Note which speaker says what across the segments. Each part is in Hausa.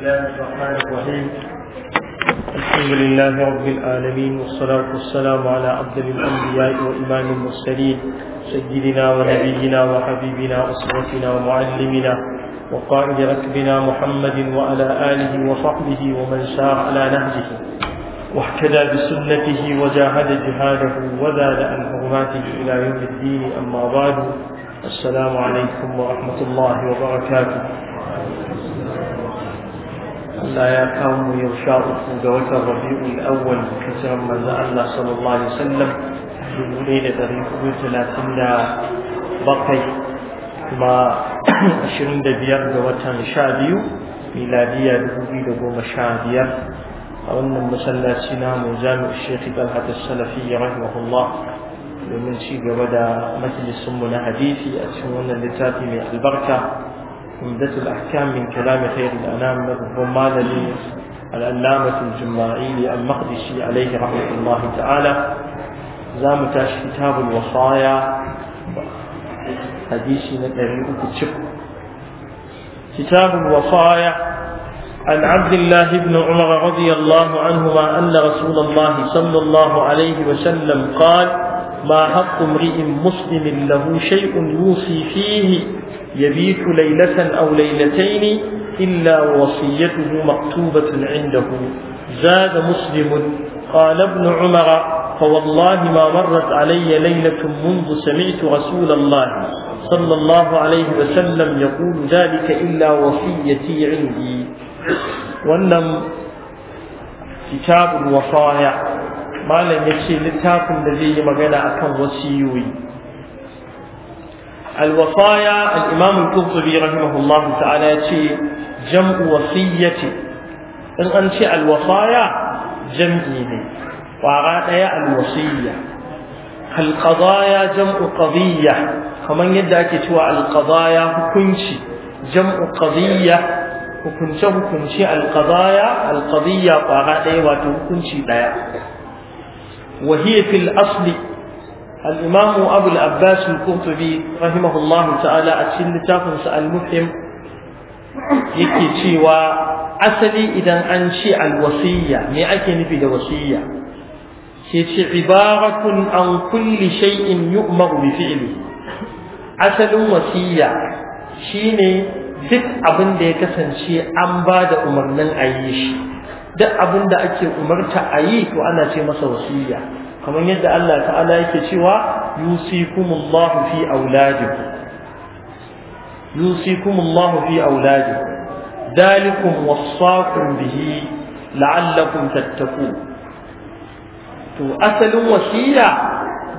Speaker 1: الله الرحمن الرحيم
Speaker 2: الحمد لله رب العالمين والصلاة والسلام على عبد الأنبياء وإمام المرسلين سيدنا ونبينا وحبيبنا وأسرتنا ومعلمنا وقائد ركبنا محمد وعلى آله وصحبه ومن سار على نهجه واحتدى بسنته وجاهد جهاده وذال عن حرماته إلى يوم الدين أما بعد السلام عليكم ورحمة الله وبركاته لا يقوم يغشى أفود الربيع الأول كثيرا ما زال صلى الله عليه وسلم في الليلة تاريخ مثل أن بقي ما أشرين دبيان دوتان شاديو ميلادية دبي دبوم شاديا أولا مسلا سنا مزام الشيخ طلحة السلفي رحمه الله ومن سيد ودا مجلس منا حديثي أتمنى لتاتي من البركة عمدة الأحكام من كلام خير الأنام الرمان للعلامة الجماعي المقدسي عليه رحمة الله تعالى زامتاش كتاب الوصايا حديثي نتعلم كتب كتاب الوصايا عن عبد الله بن عمر رضي الله عنهما أن رسول الله صلى الله عليه وسلم قال ما حق امرئ مسلم له شيء يوصي فيه يبيت ليلة أو ليلتين إلا وصيته مكتوبة عنده زاد مسلم قال ابن عمر فوالله ما مرت علي ليلة منذ سمعت رسول الله صلى الله عليه وسلم يقول ذلك إلا وصيتي عندي ونم كتاب الوصايا ما لم يكشي للتاكم الذي مغنى أكم وصيوي الوصايا الإمام القرطبي رحمه الله تعالى يتي جمع وصية إن أنت الوصايا جمعيني وعادة الوصية القضايا جمع قضية كمان يدعك توا القضايا هكونشي جمع قضية hukunce hukunce alqadaya alqadiyya kwara ɗaya wato hukunci ɗaya wa hiya fil asli الإمام أبو العباس القرطبي رحمه الله تعالى أتشل تافنس المفهم يكي تشيوى أسلي إذا أنشي الوصية ما أكن في الوصية يتي عبارة عن كل شيء يؤمر بفعله أسل وصية شيني duk abin da ya kasance an ba da umarnin a yi shi duk abin da ake umarta a yi to ana ce masa wasiya kamar yadda Allah ta'ala yake cewa yusikumullahu fi auladikum yusikumullahu fi auladikum dalikum wasaqum bihi la'allakum tattaqun to asalin wasiya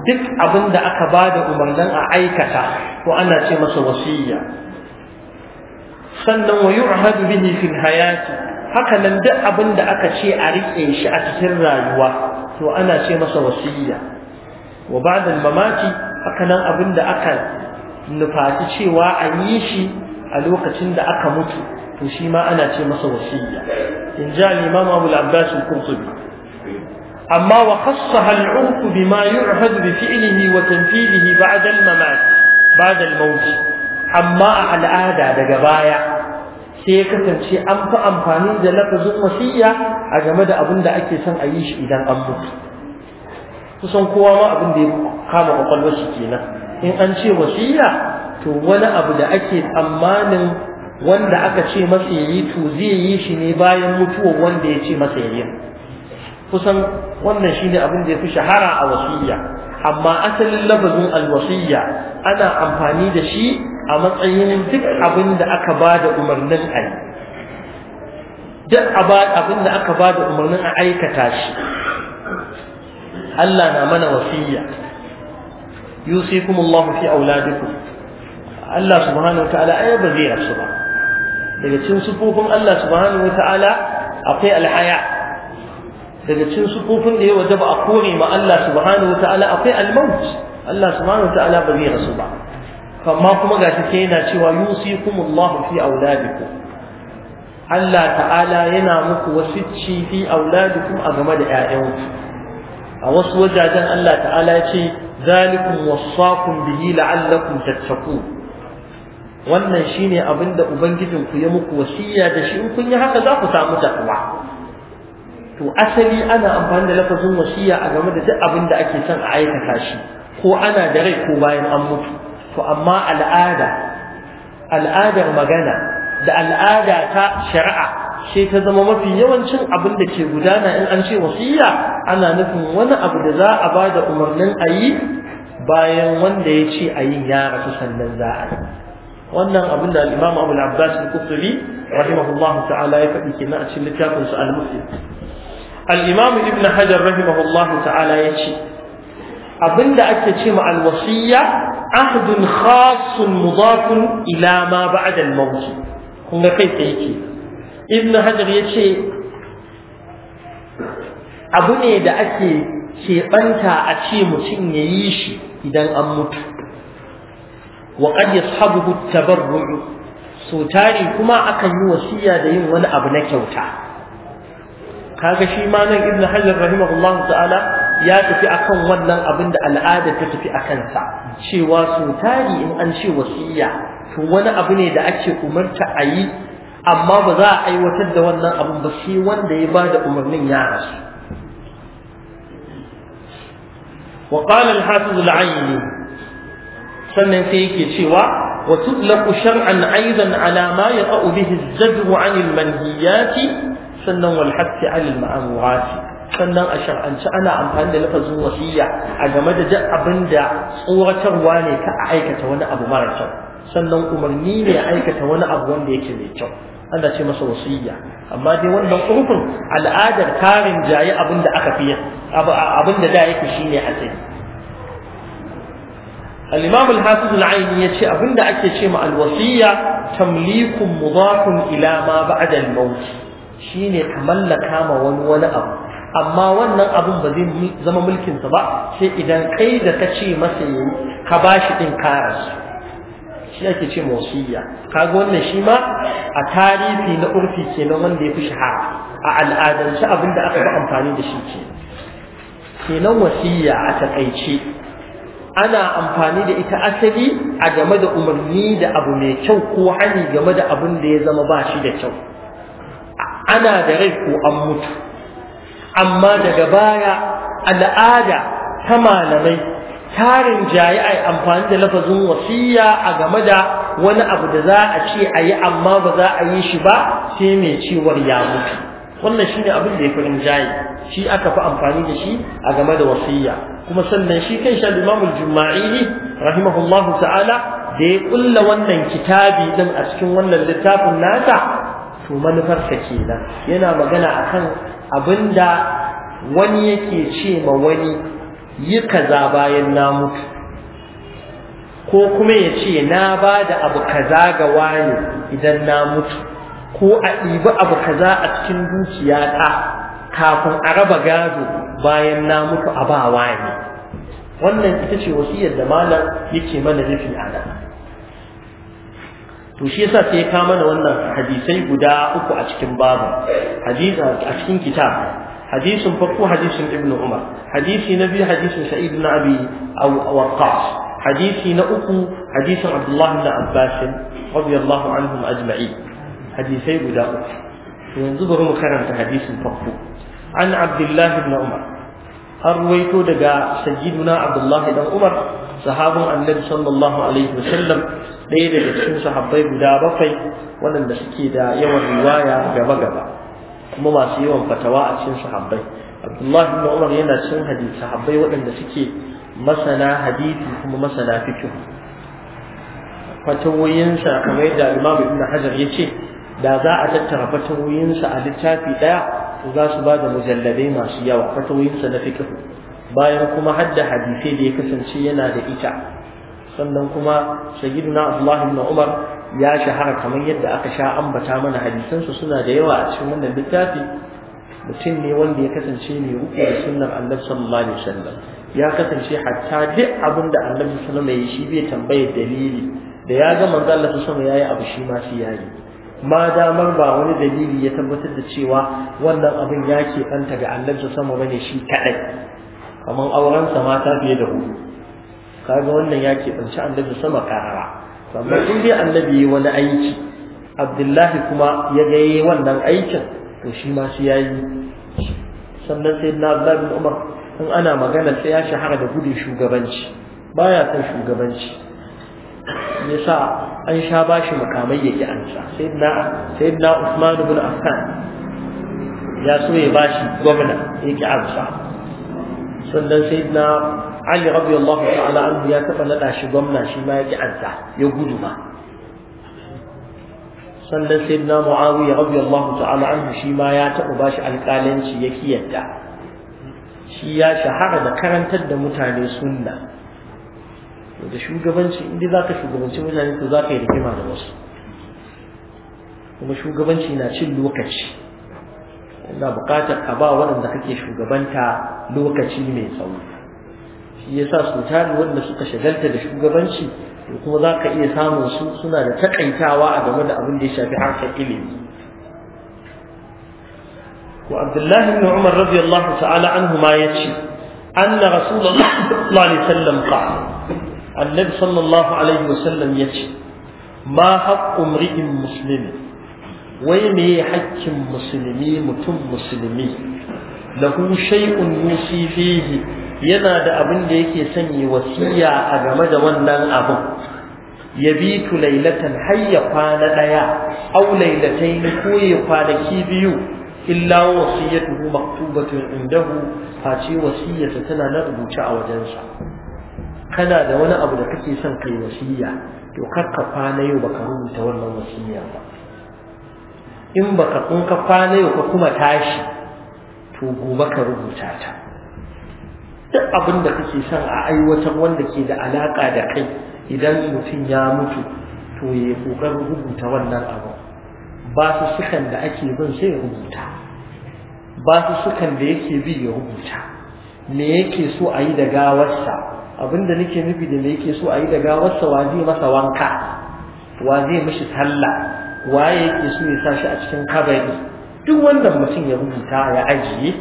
Speaker 2: duk abin da aka da umarnin a aikata ko ana ce masa wasiya sannan wa yu'hadu bihi fil hayati haka nan duk abin da aka ce a rike shi a cikin rayuwa to ana ce masa wasiya wa ba'da mamati haka nan abinda aka nufaci cewa an yi shi a lokacin da aka mutu to shi ma ana ce masa wasiyya in ja al-imam Abu al-Abbas al-Qurtubi amma wa khassaha al-'urf bima yu'hadu bi fi'lihi wa tanfidihi ba'da al-mamat ba'da al-maut amma al'ada daga baya sai ya kasance an fi amfani da lafazin wasiyya a game da abin da ake son a yi shi idan an mutu kusan kowa ma abin da ya kama kwakwalwar shi kenan in an ce wasiyya, to wani abu da ake tsammanin wanda aka ce masa yi to zai yi shi ne bayan mutuwar wanda ya ce masa yi kusan wannan shine abin da ya fi shahara a wasiyya. amma asalin lafazin alwasiyya ana amfani da shi a matsayin duk abin da aka ba da umarnin a yi duk abin da aka ba da umarnin a aikata shi Allah na mana wasiya yusikum Allah fi auladikum Allah subhanahu wataala ai ba zai rasu ba daga cikin sufufin Allah subhanahu wataala akwai alhaya daga cikin sufufin da ya wajaba a kore ma Allah subhanahu wataala akwai almaut Allah subhanahu wataala ba zai rasu ba amma kuma ga shi yana cewa yusikumullahu fi auladikum Allah ta'ala yana muku wasicci fi auladikum a game da ƴaƴanku a wasu wajajen Allah ta'ala ya ce zalikum wasaqum bihi la'allakum tattaqun wannan shine abinda ubangijin ku ya muku wasiya da shi in kun yi haka za ku samu takwa to asali ana amfani da lafazin wasiya a game da duk abin da ake son a aikata shi ko ana da rai ko bayan an mutu to amma al'ada al'adar magana da al'ada ta shari'a shi ta zama mafi yawancin abin da ke gudana in an ce wasiyya ana nufin wani abu da za a ba da umarnin a yi bayan wanda ya ce a yi ya rasu sannan za a yi wannan abin da al'imam abu al al-kufri rahimahullah ta'ala ya faɗi kenan a cikin littafin su al-muslim al-imam ibn hajar rahimahullah ta'ala ya ce abinda ake ce ma alwasiyya ahdun khasun mudafun ila ma ba'da al-maut kun ga kai tsaye ke ibnu hajar yace abu ne da ake keɓanta a ce mutum ya yi shi idan an mutu wa qad yashabuhu at-tabarru so tari kuma akan yi wasiya da yin wani abu na kyauta kaga shi ma nan ibnu hajar rahimahullahu ta'ala ya tafi akan wannan abin da al'ada ta tafi akan sa cewa su tari in an ce wasiya to wani abu ne da ake umarta a yi amma ba za a aiwatar da wannan abin ba sai wanda ya ba da umarnin ya rasu wa qala al-hafiz al sannan sai yake cewa وتطلق شرعا أيضا على ما يقع به الزجر sannan المنهيات سنا والحث على المأمورات sannan a shar'anci ana amfani da lafazin wasiyya a game da duk abin da tsoratarwa ne ka a aikata wani abu mara kyau sannan umarni ne a aikata wani abu wanda yake mai kyau ana ce masa wasiyya. amma dai wannan urfin al'adar karin jayi abin da aka fiye abin da da yake shine a al-imam al-hafiz al-aini yace abin da ake ce ma al-wasiya tamlikun mudafun ila ma ba'da al-maut shine ka mallaka ma wani abu amma wannan abun ba zai zama mulkinsa ba sai idan kai da ka ce masa yi ka ba shi ɗin karas shi ake ce mawasiyya kaga wannan shi ma a tarihi na urfi nan wanda ya fi shahara a al'adance abin da aka fi amfani da shi ke kenan wasiyya a takaice ana amfani da ita asali a game da umarni da abu mai kyau ko hani game da abin da ya zama ba shi da kyau ana da rai ko an mutu amma daga baya al'ada ta malamai tarin jayi a amfani da lafazin wasiya a game da wani abu da za a ce a yi amma ba za a yi shi ba sai mai cewar ya mutu wannan shi ne abin da ya farin jayi shi aka fi amfani da shi a game da wasiya kuma sannan shi kan sha limamul juma'i rahimahullahu ta'ala da ya kulla wannan kitabi din a cikin wannan littafin nata to manufarsa kenan yana magana akan abinda wani yake ce ma wani yi kaza bayan na mutu ko kuma ya ce na ba da abu kaza ga wani idan na mutu ko a ɗibi abu kaza a cikin dukiya ta kafin a raba gado bayan na mutu a ba wani wannan ita ce wasu yadda malam yake mana nufi a nan to shi yasa sai ya kama mana wannan hadisai guda uku a cikin babu hadisi a cikin kitab hadisin farko hadisin ibnu umar hadisi na biyu hadisin sa'id ibn abi waqqas hadisi na uku hadisin abdullahi ibn abbas radiyallahu anhum ajma'in hadisai guda uku yanzu bari mu karanta hadisin farko an abdullahi ibn umar an ruwaito daga sayyiduna abdullahi dan umar sahabun annabi sallallahu alaihi wasallam ɗaya daga cikin sahabbai guda bakwai waɗanda suke da yawan riwaya gaba gaba kuma masu yawan fatawa a cikin sahabbai abdullahi ibn umar yana cikin hadisi sahabbai waɗanda suke masana hadisi kuma masana fito. fatawoyinsa kamar yadda imam ibn hajar ya ce da za a tattara fatawoyinsa a littafi ɗaya Ku za su ba da mujalladai masu yawa fatawoyinsa na fiqh bayan kuma hadda hadisai da ya kasance yana da ita sannan kuma na Abdullah ibn Umar ya shahara kamar yadda aka sha ambata mana hadisansa suna da yawa a cikin wannan littafi mutum ne wanda ya kasance mai uku da sunnar annabi sallallahu alaihi wasallam ya kasance hatta duk abin da annabi sallallahu alaihi wasallam ya yi shi bai tambaya dalili da ya ga manzo Allah sallallahu alaihi wasallam yi abu shi ma shi ma damar ba wani dalili ya tabbatar da cewa wannan abin ya ke ga annabta sama bane shi kaɗai kamar aurensa mata fiye da hudu kaga wannan ya ke kanci annabta sama karara amma in dai annabi yi wani aiki abdullahi kuma ya ga wannan aikin to shi ma shi ya yi sannan sai na abdullahi umar in ana magana sai ya shahara da gudun shugabanci baya son shugabanci yasa an sha bashi makamai yake ansa Sai na Usman ibn Affan ya so ya bashi gwamna yake amsa sannan sai na Ali radiyallahu ta'ala anhu ya taba nada shi gwamna shi ma yake ansa ya gudu ma sannan sai na Muawiya radiyallahu ta'ala anhu shi ma ya taba bashi alƙalanci yake yadda shi ya shahara da karantar da mutane sunna da shugabanci inda za ka shugabanci mutane to za ka yi rigima da wasu kuma shugabanci na cin lokaci ina buƙatar ka ba waɗanda kake shugabanta lokaci mai tsawo shi yasa su tari waɗanda suka shagalta da shugabanci to kuma za ka iya samun su suna da takaitawa a game da abin da ya shafi harkar ilimi وعبد الله بن عمر رضي الله تعالى عنهما يشي أن رسول الله صلى الله عليه وسلم قال annabi sallallahu alaihi wasallam ya ce ma haƙƙun ri'in musulmi wai me haƙƙin musulmi mutum musulmi lahu shay'un yusi fihi yana da abin da yake sanya wasiya a game da wannan abin tu lailatan hayya kwana daya aw lailatayn ko ya kwanaki biyu illa wasiyatuhu maktubatun indahu face wasiyata tana na rubuce a wajensa kana da wani abu da kake son kai wasiya to karka kwana yau baka rubuta wannan wasiya ba in baka kun ka kwana yau ka kuma tashi to gobe ka rubuta ta duk abin da kake son a aiwatar wanda ke da alaka da kai idan mutum ya mutu to ya kokarin rubuta wannan abu ba su sukan da ake bin sai ya rubuta ba su sukan da yake bi ya rubuta me yake so a yi da gawarsa abinda nake nufi da me yake so a yi da gawarsa wa zai masa wanka wa zai mishi sallah waye yake so ya sa shi a cikin kabari duk wanda mutum ya rubuta ya ajiye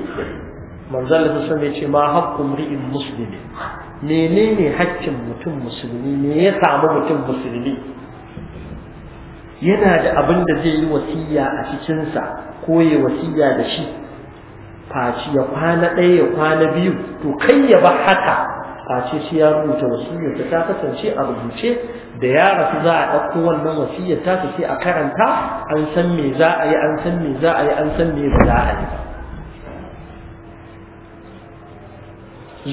Speaker 2: manzon Allah sun ce ma haqqu ri'in muslimi menene haƙƙin mutum musulmi me ya samu mutum musulmi yana da abin da zai yi wasiya a cikinsa ko ya wasiya da shi faci ya kwana ɗaya ya kwana biyu to kai ya ba haka face ya rubuta wasiyyarsa ta kasance a rubuce da ya rasu za a ɗauko wannan wasiyyar ta sai a karanta an san me za a yi an san me za yi an san me ba yi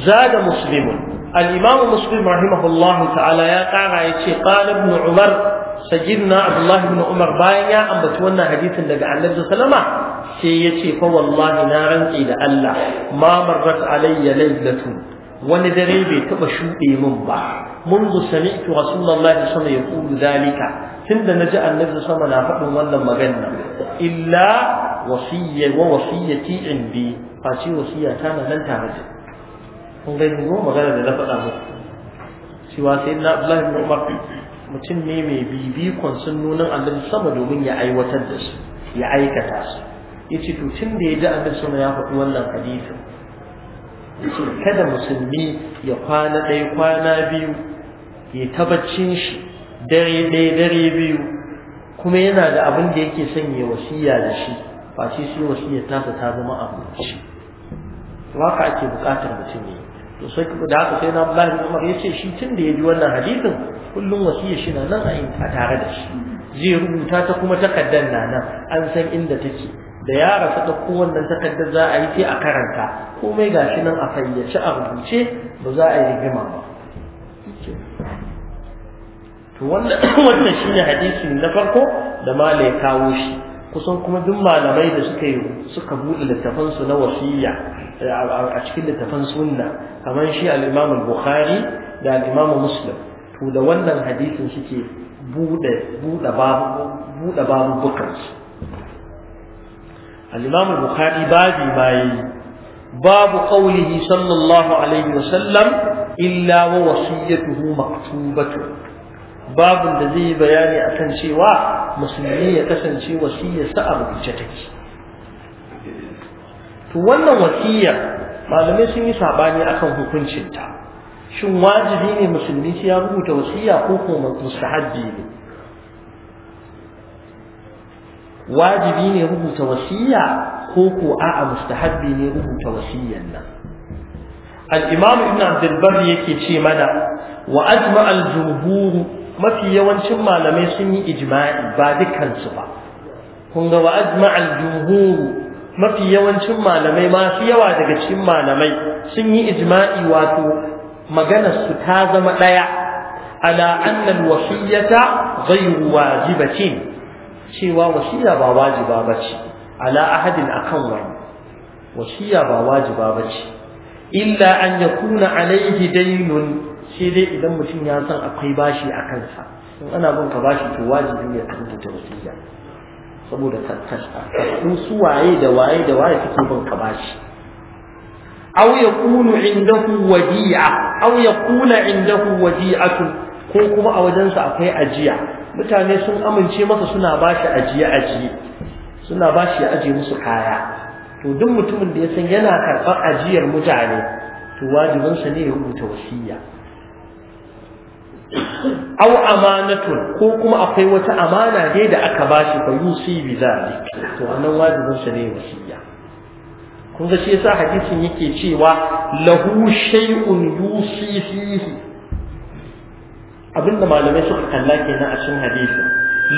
Speaker 2: zada muslimun al-imamu muslim ta'ala ya kara ya ce qala ibn umar sayyidina abdullah ibn umar bayan ya ambaci wannan hadisin daga annabi sallama sai ya ce fa wallahi na rantsi da Allah ma marrat alayya laylatun wani dare bai taɓa shuɗe min ba منذ سمعت رسول الله صلى الله عليه وسلم يقول ذلك tunda na ji annabi sama na faɗin wannan magana illa wasiyya wa wasiyyati indi fa ce wasiyya ta na nan tare da magana da na faɗa muku cewa sai na mutum ne mai bibikon sunnonin annabi sama domin ya aiwatar da su ya aikata su yace to tunda ya ji annabi sama ya faɗi wannan hadisin kada musulmi ya kwana ɗaya kwana biyu ya tabbacin shi dare ɗaya dare biyu kuma yana da abin da yake sanya ya wasiya da shi ba shi shi wasiya ta ta zama abinci waka ake bukatar mutum ne to sai da haka sai na Abdullahi bin Umar yace shi tun da ya ji wannan hadisin kullum wasiya shi na nan a tare da shi zai rubuta ta kuma takaddan na nan an san inda take da ya rasu ɗauko wannan takardar za a yi sai a karanta komai ga shi nan a fayyace a rubuce ba za a yi gima ba to wannan shi ne hadisi na farko da mala ya kawo shi kusan kuma duk malamai da suka yi suka buɗe littafansu na wasiya a cikin littafan sunna kamar shi al bukhari da al Musulun, muslim to da wannan hadisin suke buɗe buɗe babu bukansu al-imam al-bukhari babu qawlihi sallallahu alaihi wa sallam illa wa wasiyatuhu maktubatu babun da zai yi bayani akan cewa musulmi ya kasance wasiyarsa a rubuce take to wannan wasiya malamai sun yi sabani akan hukuncinta shin wajibi ne musulmi sai ya rubuta wasiya ko kuma mustahabbi ne wajibi ne rubuta wasiya ko ko a'a mustahabbi ne rubuta wasiyyar nan al-imam ibn abdul yake ce mana wa ajma al-jumhur mafi yawancin malamai sun yi ijma'i ba dukkan su ba kun ga wa ajma al-jumhur mafi yawancin malamai masu yawa daga cikin malamai sun yi ijma'i wato maganar su ta zama daya ala anna al-wasiyyata ghayru wajibatin cewa wasiya ba wajiba bace ala ahadin akan wani wasiya ba wajiba bace illa an yakuna alaihi daynun sai dai idan mutum ya san akwai bashi a kansa in ana bin ka bashi to wajibi ne ka rubuta wasiya saboda tattalin su waye da waye da waye suke bin ka bashi aw yakunu indahu wadi'a aw yakuna indahu wadi'atun ko kuma a wajensa akwai ajiya mutane sun amince masa suna ba shi ajiye ajiye suna ba shi ajiye musu kaya to duk mutumin da ya san yana karɓar ajiyar mutane to wajibinsa ne ya rubuta wasiya aw amanatun ko kuma akwai wata amana dai da aka ba shi fa yusi bi zalik to wannan wajibin sa ne wasiya kun ga shi yasa hadisin yake cewa lahu shay'un yusi fihi abinda malamai suka kalla kenan a cikin hadisi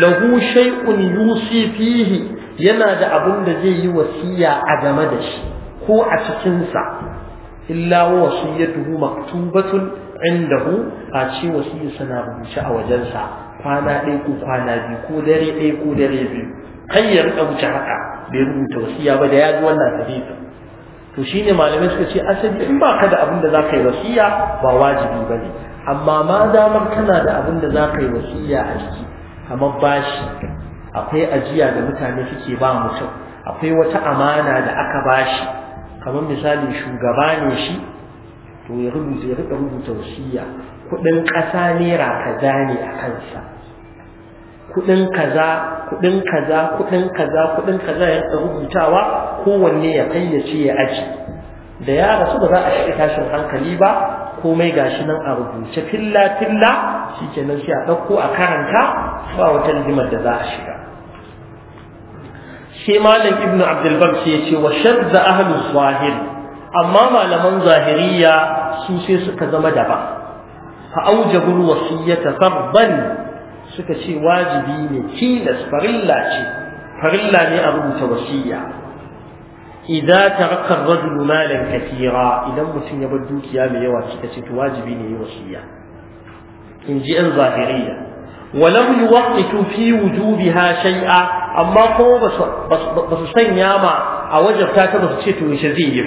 Speaker 2: lahu shay'un yusi fihi yana da abin da zai yi wasiya a game da shi ko a cikin sa illa wa wasiyatuhu maktubatun indahu a ce wasiyarsa na rubuce a wajensa kwana ɗaya ko kwana biyu ko dare ɗaya ko dare biyu Kan ya rika wuce haka bai rubuta wasiya ba da ya ji wannan hadisi to shine malamai suka ce asali in baka da abin da zaka yi wasiya ba wajibi bane amma ma damar kana da abin da za ka yi wasiya a ciki kamar bashi akwai ajiya da mutane suke ba mutum akwai wata amana da aka bashi kamar misali shugaba ne shi to ya rubuta ya rika rubuta wasiya kudin ƙasa naira kaza ne a kansa kudin kaza kudin kaza kudin kaza kudin kaza ya rika rubutawa kowanne ya ce ya aji da ya rasu ba za a shiga tashin hankali ba komai gashi nan a rubuce filla-filla, shikenan sai a ɗauko a karanta ba wata limar da za a shiga shi malam ibnu abdul bar sai yace wa shadda ahlu zahir amma malaman zahiriya su sai suka zama daban fa aujabul wasiyata sabban suka ce wajibi ne tilas farilla ce farilla ne a rubuta wasiyya. إذا ترك الرجل مالا كثيرا إذا متن يبدو كيام يواتي واجبين يوصية إن جئا ظاهرية ولم يوقت في وجوبها شيئا أما قوم بس بس بس سنياما أوجب تاتا بس وشزيه يشزيه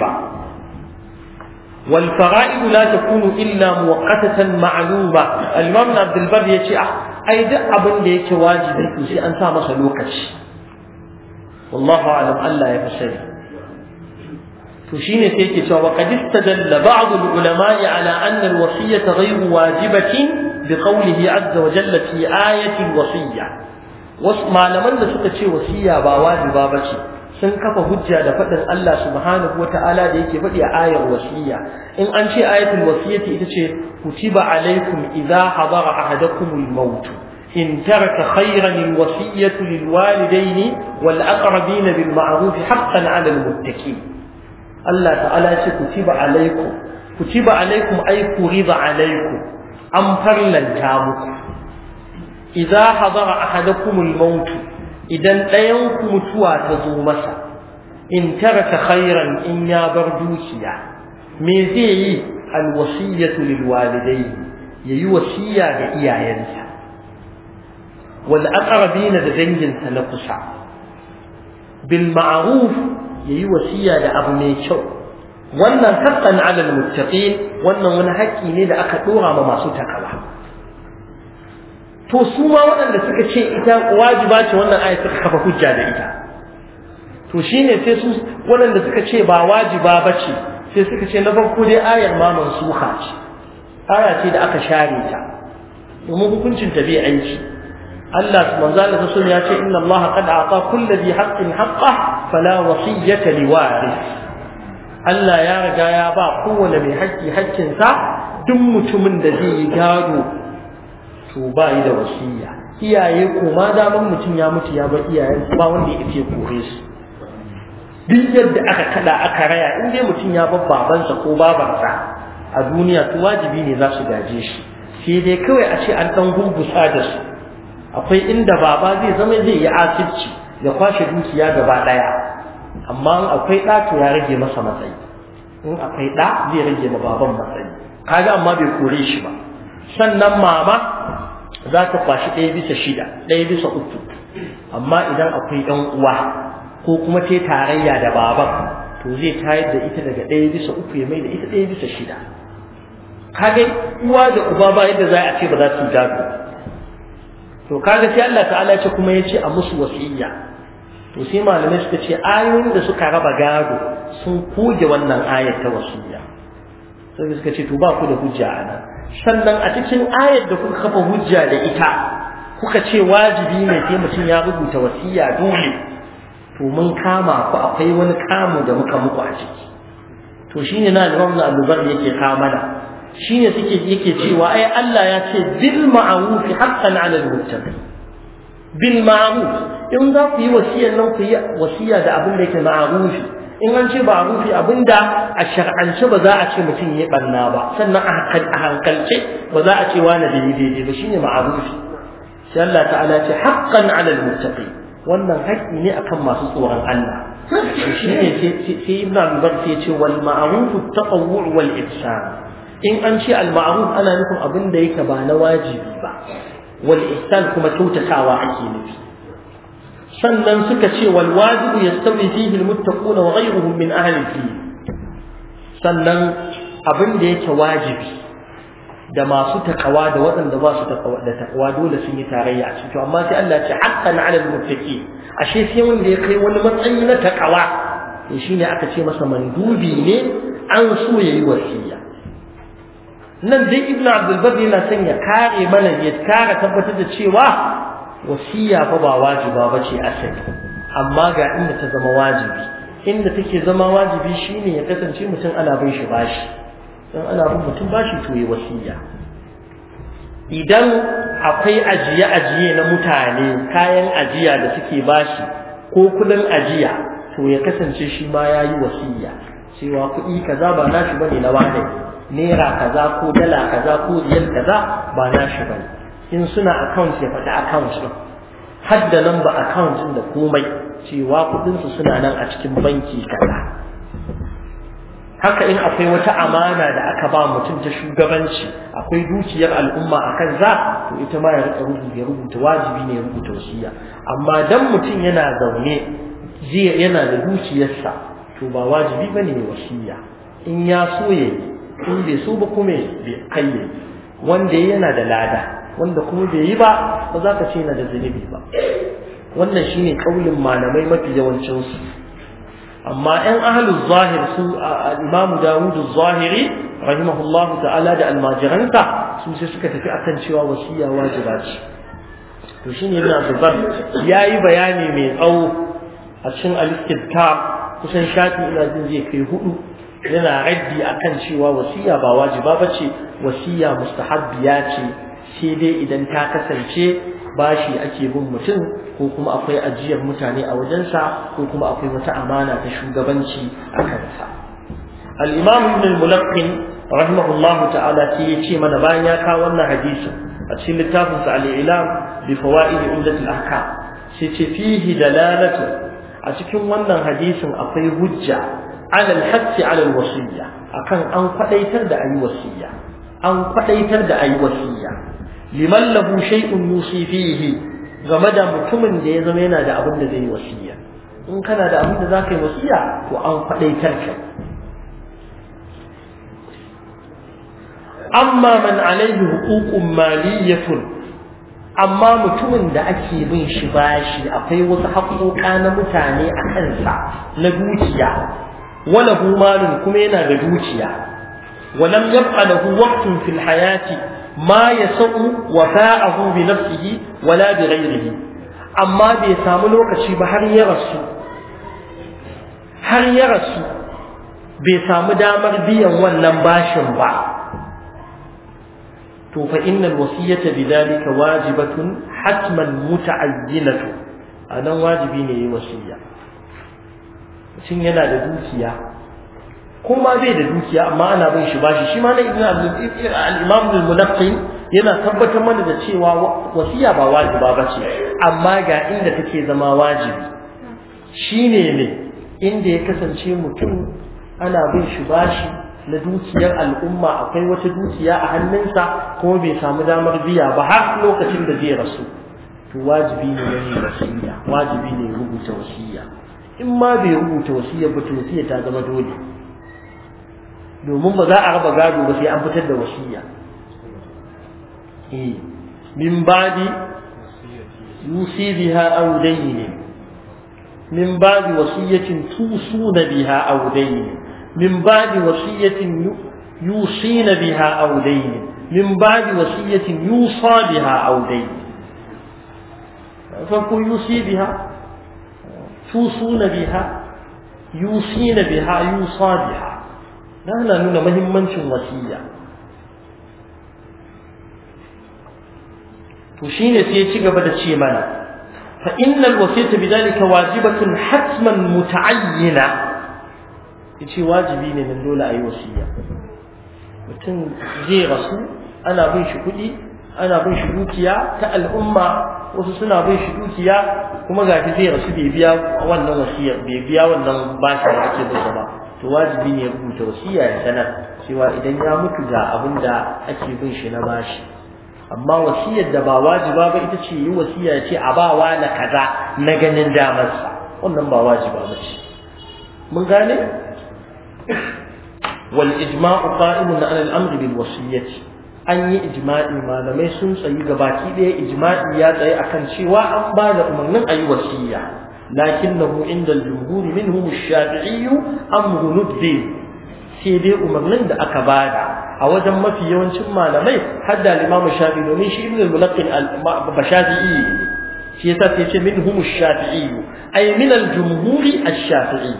Speaker 2: والفرائض لا تكون إلا مؤقتة معلومة الإمام عبد البر يشيء أه، أي دع أبن ليك واجب يشيء أنت مسلوكش والله أعلم ألا يفسره to shine sai yake cewa qad istadalla ba'd al-ulama ala anna al-wasiyyah ghayr wajibatin bi qawlihi azza wa jalla fi ayati al-wasiyyah wasu malaman da suka ce wasiya ba wajiba bace sun kafa hujja da faɗin Allah subhanahu wa ta'ala da yake faɗi a ayar wasiya in an ce ayatul wasiyyati ita ce kutiba alaikum idza hadara ahadakumul maut إن ترك خيرا الوصية للوالدين والأقربين بالمعروف حقا على المتقين Allah ta'ala ya ce ba alaikum kutiba alaikum ay kuriba alaikum an farlanta muku idza hadara ahadakumul maut idan ɗayan ku mutuwa ta zo masa in taraka khairan in ya bar dukiya me zai yi alwasiyatu lil walidayni yayi wasiya ga iyayensa wal aqrabina da danginsa na kusa bil ma'ruf yayi wasiya da abu mai kyau wannan haqqan 'ala al-muttaqin wannan wani haƙƙi ne da aka dora ma masu takawa to su ma waɗanda suka ce ita wajiba ce wannan aya suka kafa hujja da ita to shine sai su waɗanda suka ce ba wajiba bace sai suka ce na farko dai ayar ma mansuha ce aya ce da aka share ta domin hukuncin ta bai aiki Allah manzo Allah sun ya ce inna Allah qad ata kulli dhi haqqin haqqah fala wasiyyata liwarith Allah ya riga ya ba kowane mai haƙƙi haƙƙinsa duk mutumin da zai yi gado to ba yi da wasiyya iyaye ko ma mutum ya mutu ya bar iyayen ba wanda ya ce kore su duk yadda aka kada aka raya in dai mutum ya bar babansa ko babansa a duniya to wajibi ne za su gaje shi sai dai kawai a ce an dan gurgusa da su akwai inda baba zai zama zai yi asirci ya kwashe dukiya gaba daya amma akwai ɗa to ya rage masa matsayi in akwai ɗa zai rage ma baban matsayi kaga amma bai kore shi ba sannan mama za ta kwashi ɗaya bisa shida ɗaya bisa uku amma idan akwai ɗan uwa ko kuma ta tarayya da baban to zai tayar da ita daga ɗaya bisa uku ya mai da ita ɗaya bisa shida kaga uwa da uba ba yadda za a ce ba za su gado to kaga sai Allah ta'ala ce kuma yace a musu wasiyya to sai malamai suka ce ayoyin da suka raba gado sun kuge wannan ayar ta wasiyya sai suka ce to ba ku da hujja ana. sannan a cikin ayar da kuka kafa hujja da ita kuka ce wajibi ne sai mutum ya rubuta wasiyya dole to mun kama ku akwai wani kamu da muka muku a ciki to shine na da wannan Bakr yake kama mana shine suke yake cewa ai Allah ya ce bil ma'ruf haqqan 'ala al-muttaqin bil ma'ruf in za ku yi wasiyar nan ku yi wasiya da abin da yake ma'ruf in an ce ma'ruf abin da a shar'ance ba za a ce mutum ya banna ba sannan a hankalce ba za a ce wani bai daidai ba shine ma'ruf sai Allah ta'ala ce haqqan 'ala al-muttaqin wannan haƙƙi ne akan masu tsoron Allah shi ne sai ibn al ce wal ma'ruf taqawwu wal ihsan in an ce al-ma'ruf ana nufin abin da yake ba na wajibi ba wal ihsan kuma kyautatawa ake nufi sannan suka ce wal wajibu yastawi fihi al-muttaquna wa ghayruhum min ahli sannan abin da yake wajibi da masu takawa da waɗanda ba su da takawa dole sun yi tarayya a cikin amma sai Allah ce haqqan 'ala al-muttaqi ashe sai wanda ya kai wani matsayi na takawa shi shine aka ce masa mandubi ne an so yayi wasiya nan dai ibnu abdul bar yana son ya kare mana ya kare tabbatar da cewa wasiya fa ba wajiba ba ce asali amma ga inda ta zama wajibi inda take zama wajibi shine ya kasance mutum ana bin shi bashi dan ana bin mutum bashi to yi wasiya idan akwai ajiye ajiye na mutane kayan ajiya da suke bashi ko kudin ajiya to ya kasance shi ma yayi wasiya cewa kuɗi kaza ba nashi bane na wani naira kaza ko dala kaza ko riyal kaza ba na shi ba, in suna account ya faɗi account din har da lamba account din da komai cewa su suna nan a cikin banki kaza haka in akwai wata amana da aka ba mutum ta shugabanci akwai dukiyar al'umma a kan za to ita ma ya rubuta rubuta wajibi ne ya rubuta wasiya amma dan mutum yana zaune jiya yana da dukiyarsa to ba wajibi bane wasiya in ya so ya in bai so ba kuma bai kayyade wanda yana da lada wanda kuma bai yi ba ba za ka ce yana da zunubi ba wannan shine kaulin malamai mafi yawancin su amma ɗan ahlul zahir su a imam Dawud zahiri rahimahullah ta'ala da almajiranta, su sai suka tafi akan cewa wasiya wajiba ce to shine ibn Ya yi bayani mai tsawo a cikin al-istibtar kusan shafi ina jin zai kai hudu yana raddi akan cewa wasiya ba wajiba bace wasiya mustahabbiya ce sai dai idan ta kasance bashi ake bin mutum ko kuma akwai ajiyar mutane a wajensa ko kuma akwai wata amana ta shugabanci a kansa al-imam ibn al-mulaqqin rahimahullah ta'ala sai ya ce mana bayan ya kawo wannan hadisi a cikin littafin sa al-ilam bi fawaid umdat al-ahkam sai ce fihi dalalatu a cikin wannan hadisin akwai hujja ala al-hatti alan al-wasiyya akan an kwadaitar da ayi wasiyya an kwadaitar da ayi wasiyya liman lahu shay'un yusi fihi game da mutumin da ya zama yana da abin da zai yi wasiyya in kana da abin da za ka yi wasiya to an kwadaitar ka amma man alaihi huququn maliyatun amma mutumin da ake bin shi bashi akwai wasu haƙoƙa na mutane a kansa na dukiya wala hu malun kuma yana da dukiya walam yabqa lahu waqtun fil hayati ma yasau wafa'ahu bi nafsihi wala bi ghayrihi amma bai samu lokaci ba har ya rasu har ya rasu bai samu damar biyan wannan bashin ba to fa innal wasiyata bidhalika wajibatun hatman muta'ayyinatu anan wajibi ne yi wasiyya cin yana da dukiya ko ma bai da dukiya amma ana bin shi bashi shi ma na ibn al-imam al-munaqqi yana tabbatar mana da cewa wasiya ba ba ce, amma ga inda take zama wajibi shine ne inda ya kasance mutum ana bin shi bashi na dukiyar al'umma akwai wata dukiya a hannunsa kuma bai samu damar biya ba har lokacin da zai rasu to wajibi ne ya yi wasiya wajibi ne rubuta wasiya in ma bai rubuta wasiyar ba to wasiyar ta zama dole domin ba za a raba gado ba sai an fitar da wasiya eh min ba'di yusi biha aw dayn min ba'di wasiyatin tusuna biha aw dayn min ba'di wasiyatin yusina biha aw dayn min ba'di wasiyatin yusa biha aw dayn fa kun yusi biha tusuna biha yusina biha yusa biha nan na nuna mahimmancin wasiya to shine sai ya ci gaba da ce mana fa innal wasiyata bidalika wajibatun hatman muta'ayyina yace wajibi ne nan dole ayi wasiya mutum zai rasu ana bin shi kuɗi ana bin shi dukiya ta al'umma wasu suna bin shi dukiya kuma ga zai rasu bai biya wannan wasiyar bai biya wannan bashi da ake masa ba to wajibi ne ya rubuta wasiya ya sanar cewa idan ya mutu ga abin da ake bin shi na bashi amma wasiyar da ba wajiba ba ita ce yi wasiya ce a ba wa na kaza na ganin damarsa wannan ba wajiba ba ce mun gane wal ijma'u qa'imun 'ala al-amri bil wasiyyati an yi ijma'i malamai sun tsayi gabaki ɗaya ijma'i ya tsaye akan cewa an ba da umarnin a yi wasiya lakinnahu inda al-jumhur minhum ash-shafi'i amru nudbin sai dai umarnin da aka bada a wajen mafi yawancin malamai har da limamu shafi domin shi ibn al-mulaqqin al-bashafi'i shi yasa sai ce minhum ash-shafi'i ay min al-jumhuri ash-shafi'i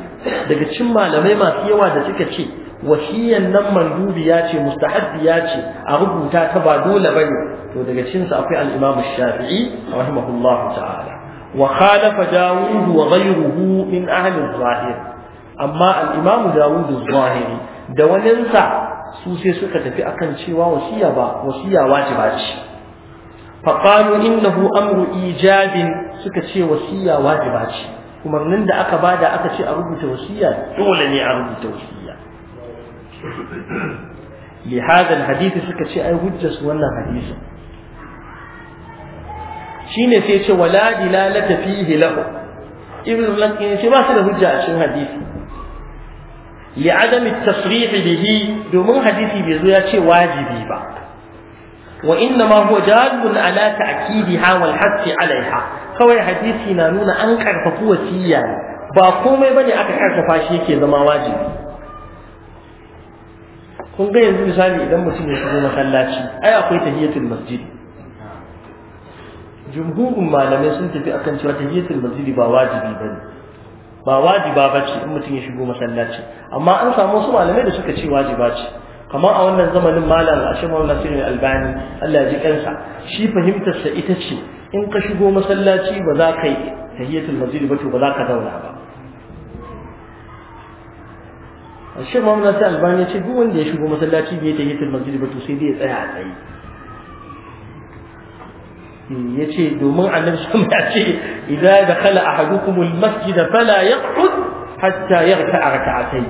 Speaker 2: daga cikin malamai masu yawa da suka ce wasiyan nan mandubi ya ce mustahabbi ya ce a rubuta ta ba dole bane to daga cikin sa akwai al-Imam Shafi'i rahimahullah ta'ala wa khalafa Dawud wa ghayruhu min ahli zahir amma al-Imam Dawud az-Zahiri da waninsa su sai suka tafi akan cewa wasiya ba wasiya wajiba ce faqalu innahu amru ijabin suka ce wasiya wajiba ce umarnin da aka bada aka ce a rubuta wasiya dole ne a rubuta wasiya li hadha hadisi suka ce ai hujjar su wannan hadisin shine sai ce wala dilalata fihi lahu ibn al shi ba su da hujja a cikin hadisi li adami at-tasrih bihi domin hadisi bai zo ya ce wajibi ba wa inna ma huwa jadun ala ta'kidiha wal hassi alaiha kawai hadisi na nuna an karfafu wasiya ba komai bane aka karfafa shi yake zama wajibi kun ga yanzu misali idan mutum ya shigo masallaci ai akwai tahiyatul masjid jumhurin malamai sun tafi akan cewa tahiyatul masjid ba wajibi bane ba wajiba ce, in mutum ya shigo masallaci amma an samu wasu malamai da suka ce wajiba ce kamar a wannan zamanin malam a shi maulana albani Allah ji kansa shi fahimtarsa ita ce in ka shigo masallaci ba za ka yi tahiyatul masjid ba to ba za ka zauna ba shi ma muna sai albani ce duk wanda ya shigo masallaci bai ta yitul masjid ba to sai dai ya tsaya a tsaye hmm, ya ce domin annabi sun ya ce idza dakhala ahadukum almasjid fala yaqud hatta yarka'a rak'atayn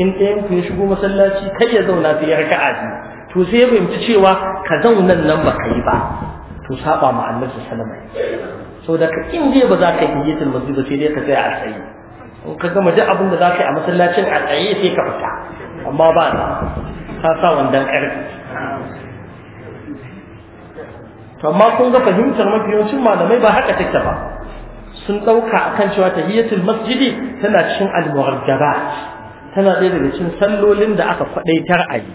Speaker 2: in ɗayan ku ya shigo masallaci kai ya zauna sai ya raka'a biyu to sai ya fahimci cewa ka zauna nan ba kai ba to saba ma annabi sallallahu alaihi wasallam saboda ka in dai ba za ka yi yitul masjid ba sai dai ka tsaya a tsaye in ka gama duk abin da za ka yi a masallacin a tsaye sai ka fita amma ba na ka sa wandan ƙarfi to amma kun ga fahimtar mafi yawancin malamai ba haka take ba sun ɗauka a kan cewa tahiyatul masjidi tana cikin al-mughaddabat tana ɗaya daga cikin sallolin da aka faɗaitar a yi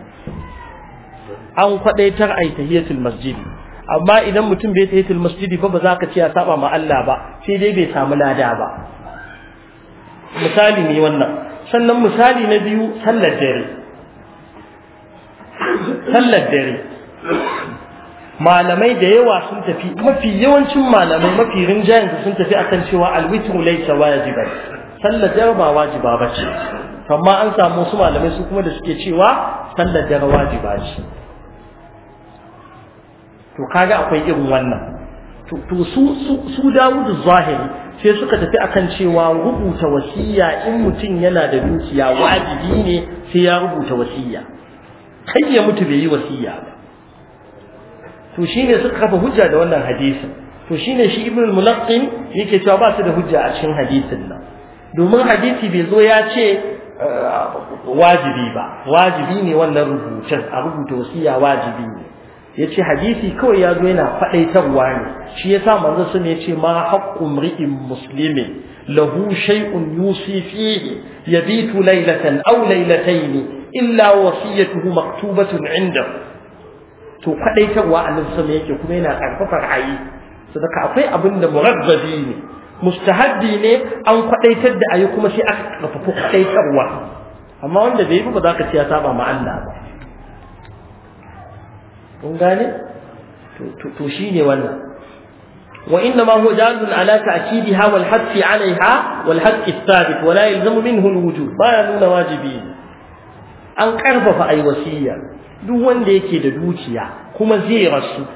Speaker 2: an faɗaitar a yi tahiyatul masjidi amma idan mutum bai tahiyatul masjidi ba ba za ka ce ya saba ma Allah ba sai dai bai samu lada ba misali ne wannan sannan misali na biyu sallar dare
Speaker 3: sallar dare
Speaker 2: malamai da yawa sun tafi mafi yawancin malamai mafi rinjayen sun tafi akan cewa alwitru laysa wajiba sallar dare ba wajiba bace amma an samu wasu malamai su kuma da suke cewa sallar dare wajiba ce to kaga akwai irin wannan to su su su Dawudu zahiri sai suka tafi akan cewa rubuta wasiya in mutum yana da dukiya wajibi ne sai ya rubuta wasiya kai ya mutu bai yi wasiya ba to shine suka kafa hujja da wannan hadisin to shine shi ibn al-mulaqqin yake cewa ba su da hujja a cikin hadisin nan domin hadisi bai zo ya ce wajibi ba wajibi ne wannan rubutun a rubuta wasiya wajibi ne yace hadisi kawai ya zo yana fadaitarwa ne shi yasa manzo sun yace ma haqqu mri'in muslimin lahu shay'un yusi fihi yabitu laylatan aw laylatayn illa wasiyatuhu maktubatun 'inda to faɗaitarwa annabi sun yake kuma yana karfafa ayi sadaka akwai abin da murabbabi ne mustahaddi ne an fadaitar da ayi kuma sai aka karfafa faɗaitarwa amma wanda bai yi ba za ka ci ya saba ma Allah ba kun gane to ne wannan وإنما هو دال على تأكيدها والحث عليها والحث الثابت ولا يلزم منه الوجوب ما ينون واجبين an ƙarfafa ai wasiya duk wanda yake da dukiya kuma zai rasu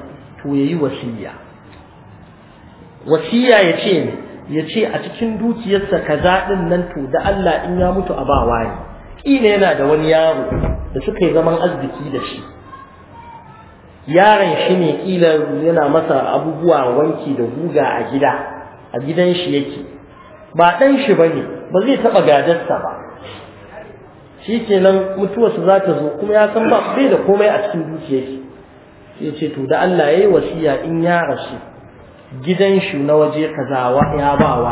Speaker 2: to yayi wasiya wasiya yace ya ce a cikin dukiyarsa kaza din nan to da Allah in ya mutu a ba waye. kila yana da wani yaro da suka yi zaman arziki da shi yaron shi ne kila yana masa abubuwa wanki da guga a gida a gidan shi yake ba dan shi bane ba zai taba gadarsa ba Shi shikenan mutuwarsa za ta zo kuma ya san ba bai da komai a cikin dukiyar shi sai ce to da Allah yayi wasiya in ya rasu gidan shi na waje kazawa ya ba wa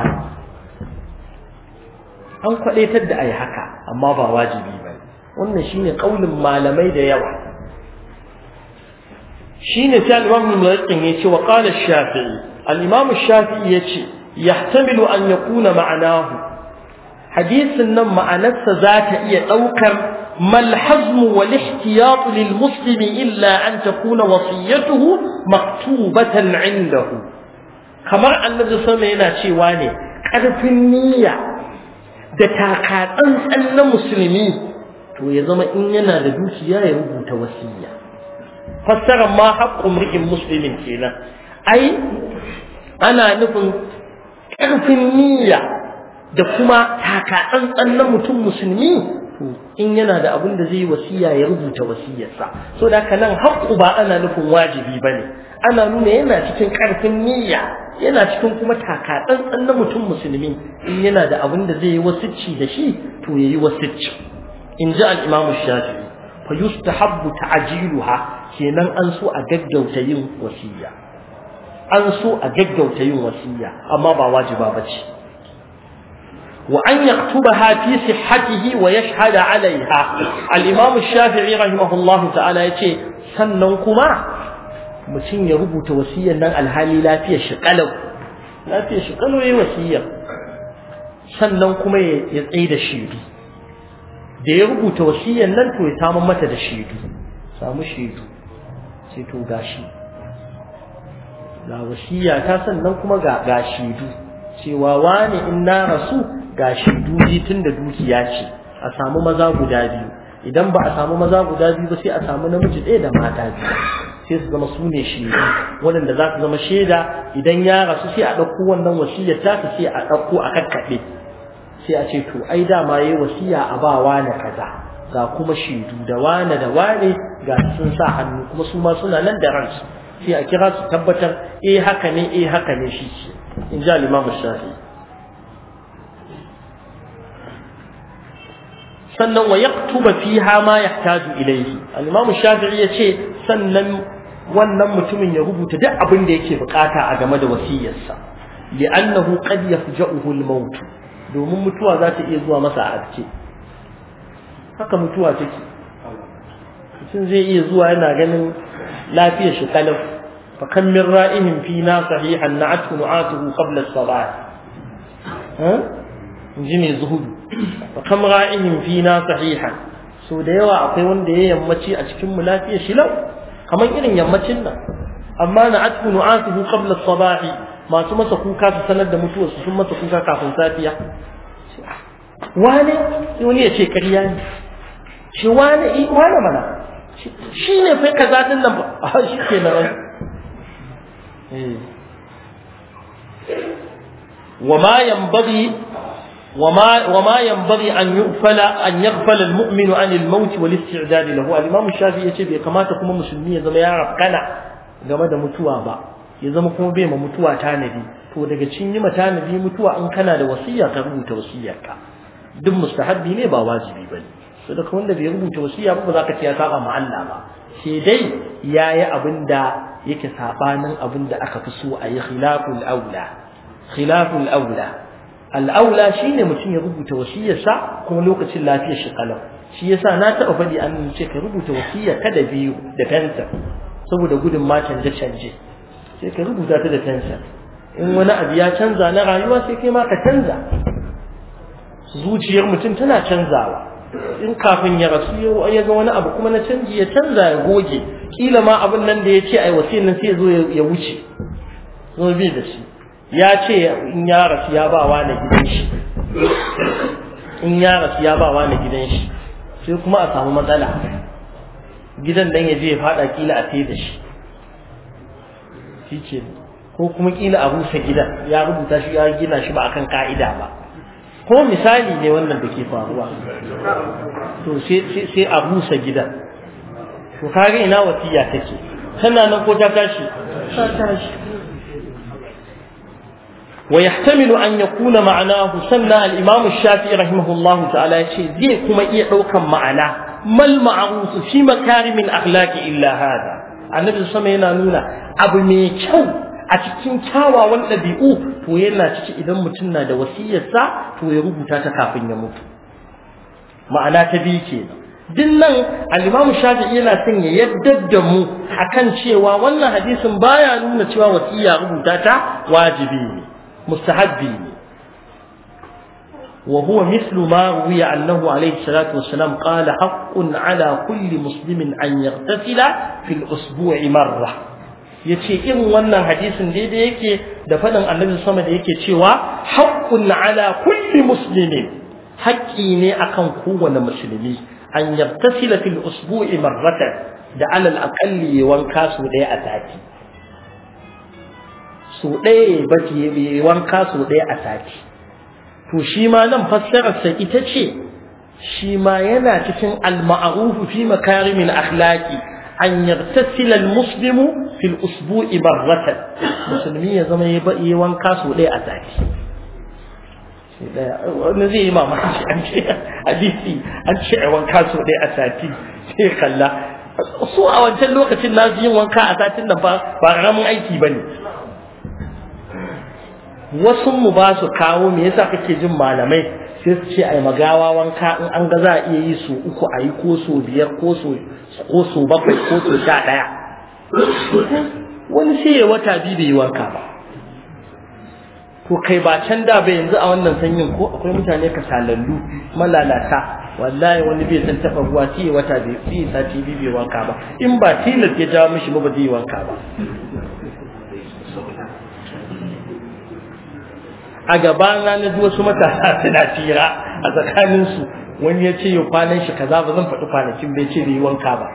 Speaker 2: an kwadaitar da ai haka amma ba wajibi ba wannan shine kaulin malamai da yawa شين تال الإمام الملاقين يتي وقال الشافعي الإمام الشافعي يتي يحتمل أن يكون معناه حديث النم مع نفس ذات إيه أوكر ما الحزم والاحتياط للمسلم إلا أن تكون وصيته مكتوبة عنده كما أن نجسمينا شي واني قرب النية دتاقات أنت أن المسلمين ويزم إننا لدوك يا يوم توسيه Fassara ma haƙƙun mri'in muslimin kenan ai ana nufin ƙarfin niyya da kuma taka tsantsan na mutum musulmi in yana da abin da zai wasiya ya rubuta wasiyarsa so da haka nan haƙƙu ba ana nufin wajibi ba ne ana nuna yana cikin ƙarfin niyya yana cikin kuma taka tsantsan na mutum musulmi in yana da abin da zai yi wasicci da shi to ya yi wasicci in ji al-imamu shafi'i fa yustahabbu ta'jiluha kenan an so a gaggauta yin wasiya an so a gaggauta yin wasiya amma ba wajiba bace wa an yaktubaha fi sihhatihi wa yashhada alaiha al-imam shafi'i rahimahullahu ta'ala yace sannan kuma mutum ya rubuta wasiyar nan alhali lafiyar shi kalau lafiyar shi kalau yayin wasiyar sannan kuma ya tsaye da shaidu da ya rubuta wasiyar nan to ya samu mata da shaidu samu shaidu sai to gashi ga wasiya ta sannan kuma ga gashi du cewa wani in na rasu gashi du tun da dukiya ce a samu maza guda biyu idan ba a samu maza guda biyu ba sai a samu namiji ɗaya da mata biyu sai su zama su ne shaidu waɗanda za su zama shaida idan ya rasu sai a ɗauko wannan wasiyar ta sai a ɗauko a kakkaɓe sai a ce to ai dama yayi wasiya a ba wani kaza ga kuma shaidu da wane da wane ga sun sa hannu kuma su ma suna nan da ransu sai a kira su tabbatar eh haka ne eh haka ne shi ce in ji al shafi sannan wa yaktuba fiha ma yahtaju ilayhi al shafi shafi'i ce sannan wannan mutumin ya rubuta duk abin da yake bukata a game da wasiyarsa li'annahu qad yafja'uhu al-maut domin mutuwa za ta iya zuwa masa a cikin haka mutuwa take mutum zai iya zuwa yana ganin lafiyar shi kalaf fa kan min ra'ihin fi na sahihan na'atu nu'atuhu qabla as-salah ha inji mai zuhudu fa kan ra'ihin fi na sahihan so da yawa akwai wanda ya yammaci a cikin mu lafiyar shi lau kamar irin yammacin nan amma na'atu nu'atuhu qabla as-salah masu masa kuka su sanar da su sun masa kuka kafin safiya ah, wani wani ya ce ƙarya ne shi wani i wani mana shi ne fa kaza din nan ba a ah, shi ke na nan وما ينبغي وما وما ينبغي أن يغفل أن يغفل المؤمن عن الموت والاستعداد له الإمام الشافعي يقول كما تكون مسلمين زما يعرف كنا game da mutuwa ba ya zama kuma bai ma mutuwa tanadi to daga cin yi tanadi mutuwa in kana da wasiya ka rubuta wasiyarka duk mustahabbi ne ba wajibi bane so da wanda bai rubuta wasiya ba ba za ka ce ya saba ma Allah ba sai dai yayi abin da yake sabanin abin da aka fi so a yi khilaful aula khilaful aula al'aula shine mutum ya rubuta wasiyarsa kuma lokacin lafiyar shi kalau shi yasa na taɓa faɗi an ce ka rubuta wasiyar da biyu da fensa saboda gudun ma canje canje sai ka rubuta ta da fensa in wani abu ya canza na rayuwa sai kai ma ka canza zuciyar mutum tana canzawa in kafin ya rasu ya ga wani abu kuma na canji ya canza ya goge kila ma abin nan da ya ce ai wasiyan nan sai ya zo ya wuce zo bi da shi ya ce in ya rasu ya ba wa na gidan shi in ya rasu ya ba wa na gidan shi sai kuma a samu matsala gidan dan ya je ya fada kila a sai da shi shi ce ko kuma kila a rusa gidan ya rubuta shi ya gina shi ba akan ka'ida ba ko misali ne wannan da ke faruwa to sai a busa gidan to kare ina wasiya take tana nan ko ta tashi ta tashi ويحتمل أن يكون معناه سنة الإمام الشافعي رحمه الله تعالى شيء زي كما يحوك معنا ما المعروف في مكارم الأخلاق إلا هذا النبي صلى الله عليه وسلم أبو ميكو a cikin kyawawan ɗabi'u to yana ciki idan mutum na da wasiyarsa to ya rubuta ta kafin ya mutu ma'ana ta biyu kenan din nan al-Imam Shafi'i yana son ya yadda da mu akan cewa wannan hadisin baya nuna cewa wasiya rubuta ta wajibi ne mustahabbi ne wa huwa mithlu ma ruwiya annahu alayhi salatu wassalam qala haqqun ala kulli muslimin an yaghtasila fil usbu'i marra ya ce irin wannan hadisin daidai yake da faɗin annabi sama da yake cewa haƙƙun ala kulli musulmi haƙƙi ne akan kowane musulmi an yabtasila fil usbu'i marratan da alal aqalli wanka su ɗaya a sati su ɗaya baki wanka su ɗaya a sati to shi ma nan fassararsa ita ce shi ma yana cikin al-ma'ruf fi makarimin akhlaqi an yartasila almuslimu fil usbu'i marratan musulmi ya zama ya yi wanka so ɗaya a sati wani zai yi mamaki an ce hadisi an ce a wanka so ɗaya a sati sai kalla su a wancan lokacin na yin wanka a satin nan ba ƙaramin aiki ba ne wasu mu ba su kawo me yasa kake jin malamai sai su ce a yi magawa wanka in an ga za a iya yi so uku a yi ko so biyar ko so bakwai ko so sha ɗaya wani sai ya wata biyu bai yi wanka ba to kai ba can da bai yanzu a wannan sanyin ko akwai mutane ka salallu malalata wallahi wani bai san taɓa ruwa sai ya wata biyu sai ya sati biyu bai wanka ba in ba tilas ya jawo mishi ba ba zai yi wanka ba a gabana na ji wasu matasa suna tira a tsakaninsu wani ya ce yau kwanan shi kaza ba zan faɗi kwanakin bai ce bai yi wanka ba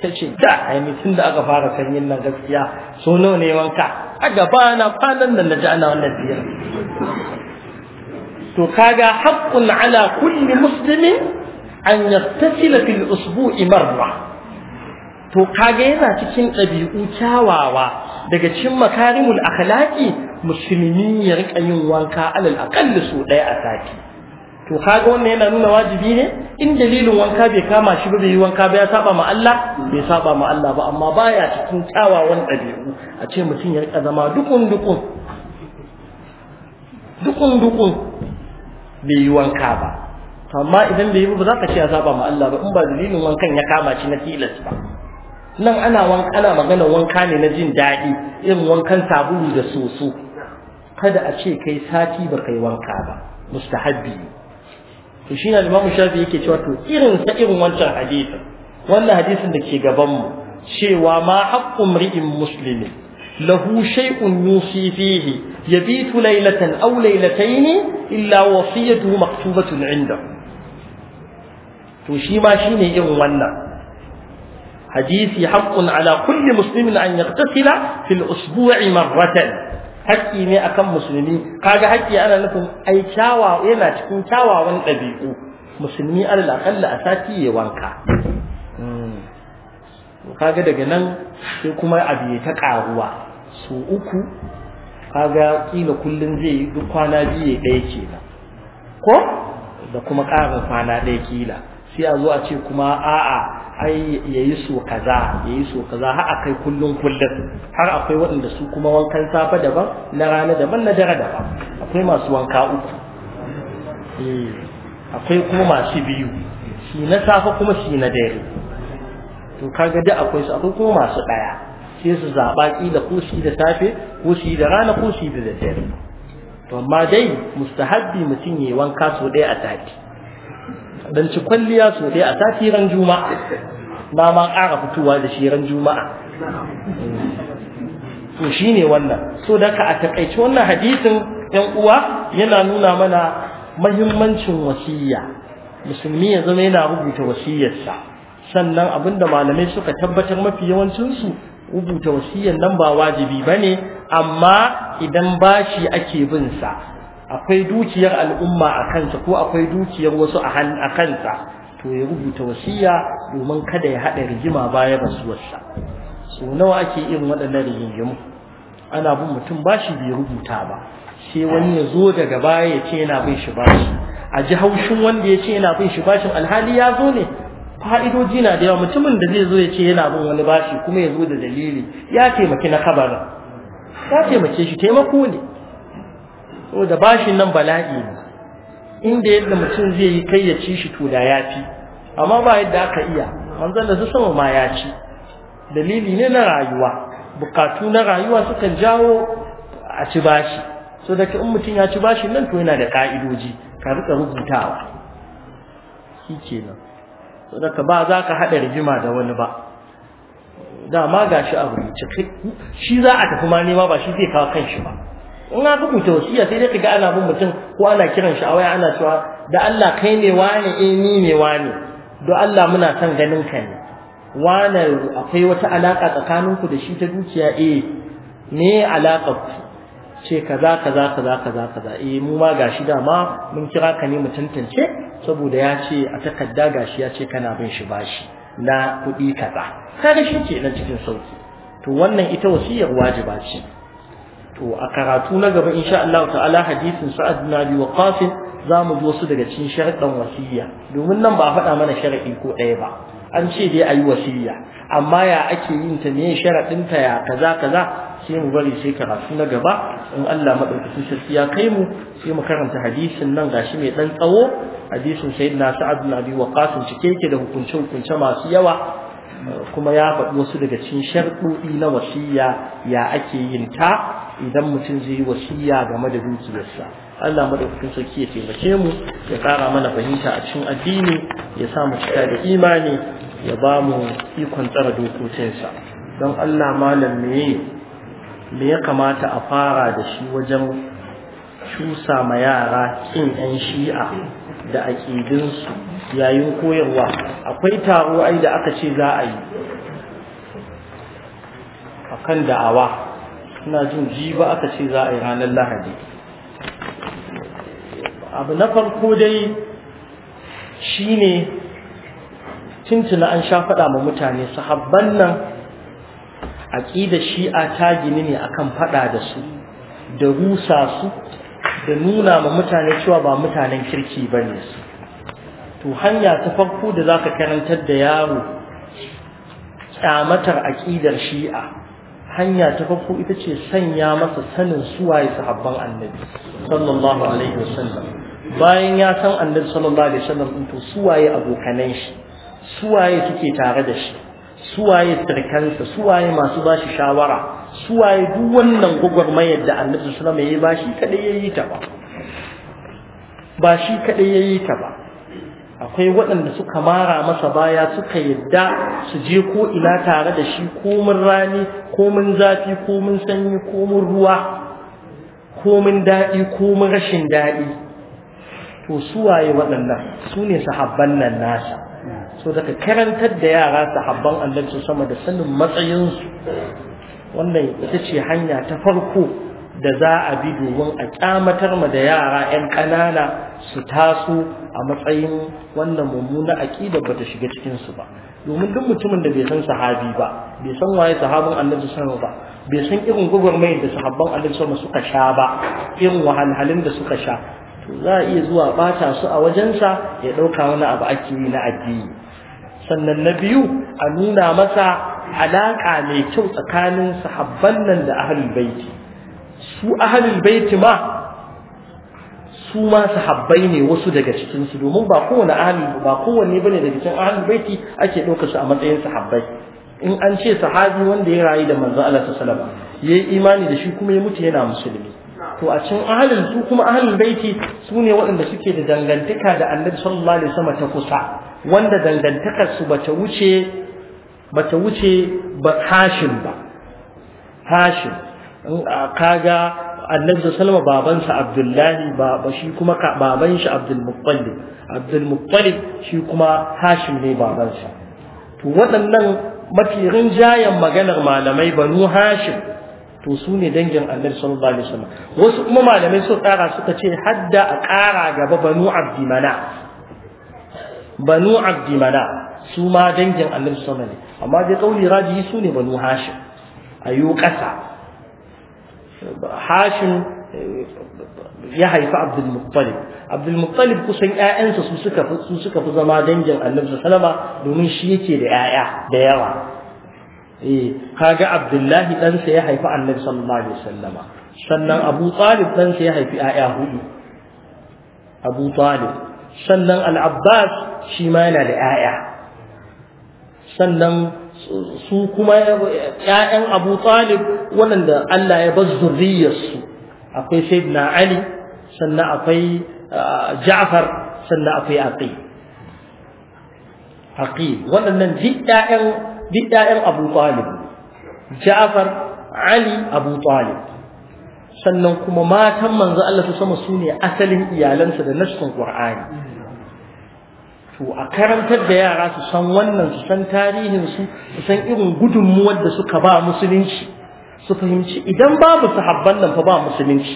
Speaker 2: ta ce da a tun da aka fara sanyin nan gaskiya so nawa ne wanka a gabana kwanan da na ji ana wannan tira to kaga haƙƙun ala kulli muslimin an yattasila fil usbu'i marra to kaga yana cikin ɗabi'u kyawawa daga cin makarimul akhlaqi musulmi ya rika yin wanka alal akalli su ɗaya a sati to kaga wannan yana nuna wajibi ne in dalilin wanka bai kama shi ba bai yi wanka ba ya saba ma Allah bai saba ma Allah ba amma baya cikin kyawawan ɗabi'u a ce mutum ya rika zama dukun dukun dukun dukun bai yi wanka ba amma idan bai yi ba za ka ce ya saba ma Allah ba in ba dalilin wankan ya kama shi na tilas ba nan ana ana magana wanka ne na jin daɗi irin wankan sabulu da soso kada a ce kai sati ba kai wanka ba mustahabbi to shine imam Shafi yake cewa to irin sa irin wancan hadisi wannan hadisin da ke gaban mu cewa ma haqqu mri'in muslimin lahu shay'un yusi fihi yabitu laylatan aw laylatayn illa wasiyatuhu maktubatun 'inda to shi ma shine irin wannan حديثي حق على كل مسلم أن يغتسل في الأسبوع مرة hakki ne akan musulmi kaga hakki ana nufin ai kyawa yana cikin kyawawan ɗabi'u musulmi Allah kalla a sati ya wanka hmm. kaga daga nan sai kuma abu ya ta ƙaruwa su uku kaga kila kullum zai yi duk kwana biyu ya ɗaya kenan ko da kuma ƙarin kwana ɗaya kila sai a zo a ce kuma a'a ai yayi so kaza yayi so kaza har akai kullun kullun har akwai waɗanda su kuma wankan safa daban na rana daban na dare daban akwai masu wanka uku eh akwai kuma masu biyu shi na safa kuma shi na dare to kaga da akwai su akwai kuma masu daya sai su zaba da ko shi da safe ko shi da rana ko shi da dare to amma dai mustahabbi mutum yayi wanka so ɗaya a sati dan ci kwalliya so dai a sati ran juma'a ba ma ƙara fitowa da shi ran juma'a to shine wannan so da ka a takaice wannan hadisin yan uwa yana nuna mana mahimmancin wasiyya musulmi ya zama yana rubuta wasiyyarsa sannan abinda malamai suka tabbatar mafi yawancinsu rubuta wasiyyar nan ba wajibi bane amma idan bashi ake bin sa akwai dukiyar al'umma a kansa ko akwai dukiyar wasu a kansa to ya rubuta wasiya domin kada ya haɗa rigima baya ba su wasa. so nawa ake irin waɗannan rigingimu ana bin mutum bashi bai rubuta ba sai wani ya zo daga baya ya ce yana bin shi bashi a ji haushin wanda ya ce yana bin shi bashin alhali ya zo ne fa'idoji na da yawa mutumin da zai zo ya ce yana bin wani bashi kuma ya zo da dalili ya taimaki na kabarin ya taimake shi taimako ne so da bashin nan bala'i ne inda yadda mutum zai yi kai ya ci shi to da ya fi amma ba yadda aka iya manzon da su sama ma ya ci dalili ne na rayuwa bukatu na rayuwa sukan jawo a ci bashi so da in mutum ya ci bashin nan to yana da ka'idoji ka rika rubutawa shi so da ka ba za ka haɗa rigima da wani ba dama gashi abu ne shi za a tafi ma nema ba shi zai kawo kan shi ba in an rubuta wasiya sai dai kaga ana bin mutum ko ana kiran shi a waya ana cewa da Allah kai ne wani eh ni ne wani do Allah muna son ganin ka ne wani akwai wata alaka tsakaninku da shi ta dukiya eh ne ku ce kaza kaza kaza kaza kaza eh mu ma gashi dama mun kira ka ne mu tantance saboda ya ce a takarda gashi ya ce kana bin shi bashi na kuɗi kaza kaga shi ke nan cikin sauki to wannan ita wasiyar wajiba ce to a karatu na gaba insha Allah ta'ala hadisin Sa'ad bin Abi Waqqas zamu mu ji wasu daga cikin sharadan wasiyya domin nan ba a faɗa mana shara'i ko ɗaya ba an ce dai ayi wasiyya amma ya ake yin ta ne sharaɗin ta ya kaza kaza sai mu bari sai karatu na gaba in Allah madaukakin sarki ya kai mu sai mu karanta hadisin nan gashi mai dan tsawo hadisin sayyidina Sa'ad bin Abi Waqqas cike yake da hukunce hukunce masu yawa kuma ya faɗi wasu daga cikin sharɗoɗi na wasiyya ya ake yin ta idan mutum zai yi wasiya game da dukiyarsa Allah madaukakin sarki ya taimake mu ya kara mana fahimta a cikin addini ya sa mu cika da imani ya ba mu ikon tsara dokokinsa don Allah malam me me ya kamata a fara da shi wajen cusa ma yara kin yan shi'a da aƙidinsu yayin koyarwa akwai taro ai da aka ce za a yi akan da'awa ina jin jiba aka ce za a yi ranar lahadi abu na farko dai shine tuntuna an sha faɗa ma mutane sahabban nan aƙida shi'a ta gini ne akan faɗa da su da rusa su da nuna ma mutane cewa ba mutanen kirki ba ne su to hanya ta farko da za ka karantar da yaro ƙyamatar aƙidar shi'a hanya ta farko ita ce sanya masa sanin suwaye sahabban annabi sallallahu alaihi wasallam bayan ya san annabi sallallahu alaihi wasallam din to suwaye abokanan shi suwaye suke tare da shi suwaye sirkansa suwaye masu ba shi shawara suwaye duk wannan gwagwarmayar da annabi sallallahu alaihi wasallam ya yi ba shi kadai yayi ta ba ba shi kadai yayi ta ba akwai waɗanda suka mara masa baya suka yadda su je ko ina tare da shi komin rani komin zafi komin sanyi komin ruwa komin daɗi komin rashin daɗi to suwaye waɗannan su ne sahabban nan nasa so daga karantar da yara sahabban Allah su sama da sanin matsayinsu wannan ita ce hanya ta farko da za a bi domin a kyamatar ma da yara 'yan ƙanana su taso a matsayin wannan mummuna aqida ba ta shiga cikin su ba domin duk mutumin da bai san sahabi ba bai san waye sahabin annabi sallallahu ba bai san irin mai da sahabban annabi sallallahu suka sha ba irin wahalhalun da suka sha to za a iya zuwa bata su a wajensa ya ɗauka wani abu ake yi na addini sannan na biyu a nuna masa alaƙa mai kyau tsakanin sahabban nan da ahlul baiti su ahlul baiti ma su ma sahabbai ne wasu daga cikin su domin ba kowane ahli ba kowanne bane daga cikin ahli baiti ake ɗaukar su a matsayin sahabbai in an ce sahabi wanda ya rayu da manzo Allah sallallahu alaihi wasallam yayi imani da shi kuma ya mutu yana musulmi to a cikin ahlin su kuma ahli baiti su ne waɗanda suke da dangantaka da Annabi sallallahu alaihi wasallam ta kusa wanda dangantakar su bata wuce bata wuce ba Hashim ba Hashim kaga annabi sallama babansa abdullahi baba shi kuma baban shi Abdul Abdul abdulmuttalib shi kuma hashim ne babansa to waɗannan mafi jayan maganar malamai banu hashim to su ne dangin annabi sallallahu alaihi wasallam wasu kuma malamai su tsara suka ce hadda a ƙara gaba banu abdimana banu abdimana su ma dangin annabi sallallahu alaihi wasallam amma dai kauli rajihi su ne banu hashim ayu ƙasa hashim ya haifi abdul muttalib abdul muttalib kusan ƴaƴansa su suka fi su suka fi zama dangin annabi salama, domin shi yake da ƴaƴa da yawa eh kaga abdullahi ɗansa ya haifi annabi sallallahu alaihi wasallama sannan abu talib ɗansa ya haifi ƴaƴa hudu abu talib sannan al-abbas shi ma yana da ƴaƴa sannan su kuma ‘ya'yan abu talib waɗanda Allah ya bar zurriyarsu akwai sayyidina Ali sannan akwai Ja'far sannan akwai Aqil Aqil waɗannan duk ‘ya'yan duk ‘ya'yan abu talib Ja'far Ali abu talib sannan kuma matan manzo Allah su sama su ne asalin iyalansa da nassin Qur'ani to a karantar da yara su san wannan su san tarihin su su san irin gudunmuwar da suka ba musulunci su fahimci idan babu sahabban nan fa ba musulunci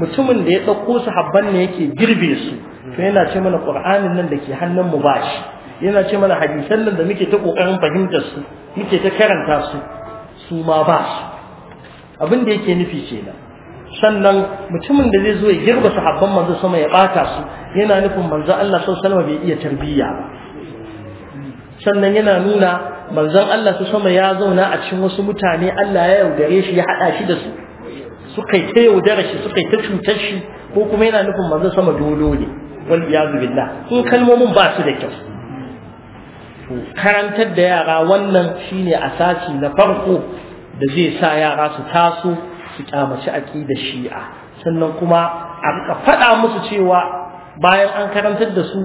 Speaker 2: mutumin da ya ɗauko sahabban ne yake girbe su to yana ce mana qur'anin nan da ke hannun mu ba shi yana ce mana hadisan nan da muke ta ƙoƙarin fahimtar su muke ta karanta su su ma ba su abin da yake nufi kenan sannan mutumin da zai zo ya girba habban manzo sama ya bata su yana nufin manzo Allah sallallahu alaihi bai iya tarbiyya ba sannan yana nuna manzon Allah su sama ya zauna a cikin wasu mutane Allah ya yaudare shi ya haɗa shi da su suka yi ta yaudara shi suka yi ta cutar shi ko kuma yana nufin manzo sama dolo ne wal iyazu billah in kalmomin ba su da kyau karantar da yara wannan shine asasi na farko da zai sa yara su taso su kyamaci da shi'a sannan kuma a rika faɗa musu cewa bayan an karantar da su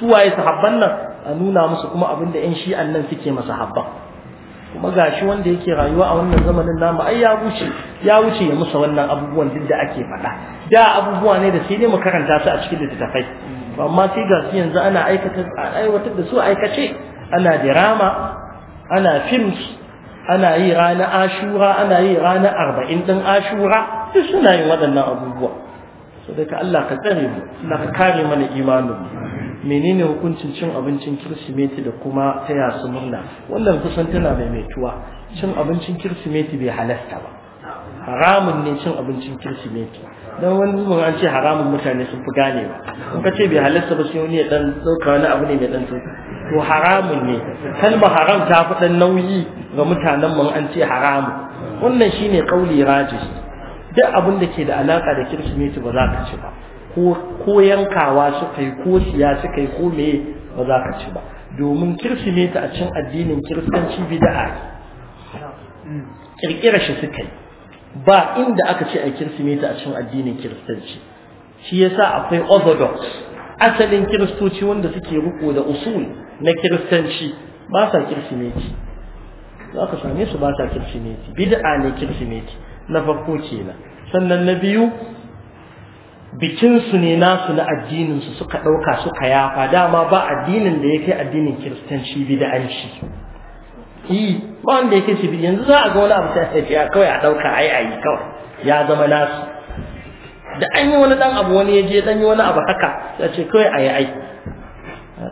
Speaker 2: su waye sahabban nan a nuna musu kuma abin da 'yan shi'an nan suke masa habban kuma shi wanda yake rayuwa a wannan zamanin namu ai ya wuce ya wuce ya musa wannan abubuwan duk da ake faɗa da abubuwa ne da sai dai mu karanta su a cikin littattafai amma sai ga su yanzu ana aikata aiwatar da su aikace ana dirama ana films ana yi ranar ashura ana yi ranar arba'in ɗin ashura su suna yin waɗannan abubuwa so daga Allah ka tsare mu Allah ka kare mana imanin menene hukuncin cin abincin kirsimeti da kuma taya su murna wannan kusan tana mai tuwa. cin abincin kirsimeti bai halasta ba haramun ne cin abincin kirsimeti don wani zubin an ce haramun mutane sun fi gane ba in ka ce bai halasta ba sai wani ya dan ɗauka wani abu ne mai dan to haramun ne kalma haram ta fi dan nauyi ga mutanen mu an ce haramu wannan shine kauli rajih duk abin da ke da alaka da kirsimeti ba za ka ci ba ko yankawa suka yi ko siya suka yi ko me ba za ka ci ba domin kirsimeti a cin addinin kiristanci bid'a ne kirkira shi suka yi ba inda aka ce a kirsimeti a cin addinin kiristanci shi yasa akwai orthodox asalin kiristoci wanda suke riko da usul na kiristanci ba sa kirsimeti za ka same su ba ta kirsimeti bid'a ne kirsimeti na farko kenan sannan na biyu bikinsu ne nasu na addininsu suka ɗauka suka yafa dama ba addinin da ya kai addinin kiristanci bid'anci yi ba wanda ya shi yanzu za a ga wani abu sai ya kawai a ɗauka ai ai, kawai ya zama nasu da an yi wani ɗan abu wani ya je dan yi wani abu haka ya ce kawai ai ai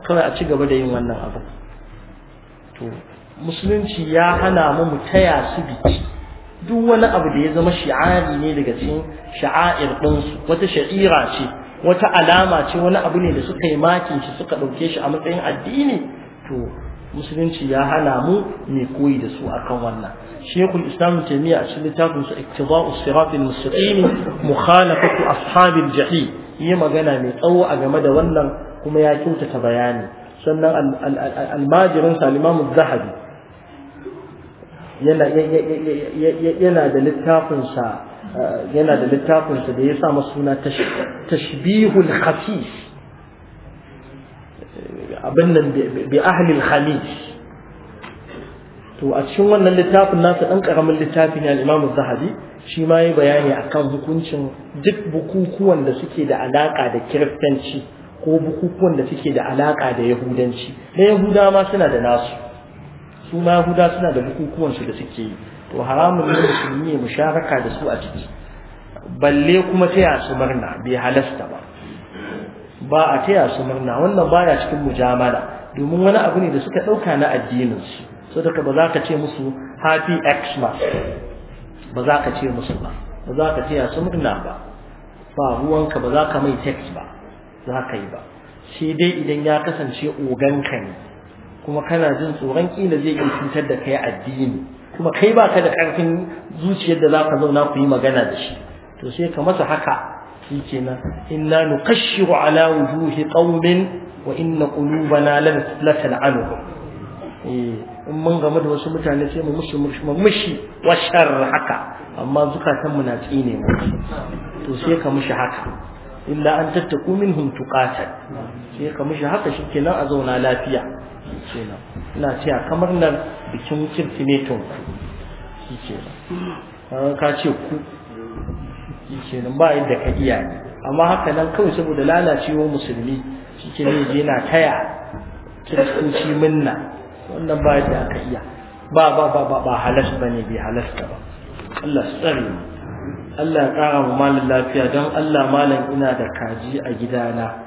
Speaker 2: kawai a ci gaba da yin wannan abu musulunci ya hana mu mu taya su biki duk wani abu da ya zama shi'ari ne daga cikin sha'air ɗinsu wata sha'ira ce wata alama ce wani abu ne da suka yi makin shi suka ɗauke shi a matsayin addini to musulunci ya hana mu mai koyi da su akan wannan shekul islam taimiyya a cikin littafin su iktida'u siratul mustaqim mukhalafatu ashabil jahim yi magana mai tsawo a game da wannan kuma ya kyautata bayani sannan almajirin sa al zahabi yana da littafinsa eh, yana da da ya sa masuna suna tashbihul khafif eh, abin bi ahli khamis to a cikin wannan littafin nasa ɗan ƙaramin littafi ne al Zahabi shi ma yi bayani akan hukuncin duk bukukuwan da suke da alaƙa da kiristanci ko bukukuwan da suke da alaƙa da yahudanci na yahuda ma suna da nasu su ma huda suna da bukukuwan su da suke yi to haramun ne su ya musharaka da su a ciki balle kuma taya su murna bai halasta ba ba a taya su murna wannan baya cikin mujamala domin wani abu ne da suka dauka na addinin su saboda ba za ka ce musu happy xmas ba za ka ce musu ba ba za ka su murna ba ba ruwanka ba za mai text ba za yi ba sai dai idan ya kasance oganka ne kuma kana jin tsoron kila zai iya cutar da kai addini kuma kai ba ka da ƙarfin zuciyar da za ka zauna ku yi magana da shi to sai ka masa haka shi kenan inna nuqashshiru ala wujuhi qaumin wa inna qulubana la tal'anuhum eh in mun game da wasu mutane sai mu mushi mushi wa sharr haka amma zukatan mu na tsine mu to sai ka mushi haka illa an tattaku minhum tuqatan sai ka mushi haka shikenan a zauna lafiya kenan ina ce a kamar nan bikin ne ku shi kenan ka ce ku shi nan ba yadda ka iya ne amma haka nan kawai saboda lalacewar musulmi shi ke ne na taya kiristoci minna wannan ba yadda aka iya ba ba ba ba ba halas ba ne bai halasta ba Allah su tsare Allah ya ƙara mu malin lafiya don Allah malam ina da kaji a gidana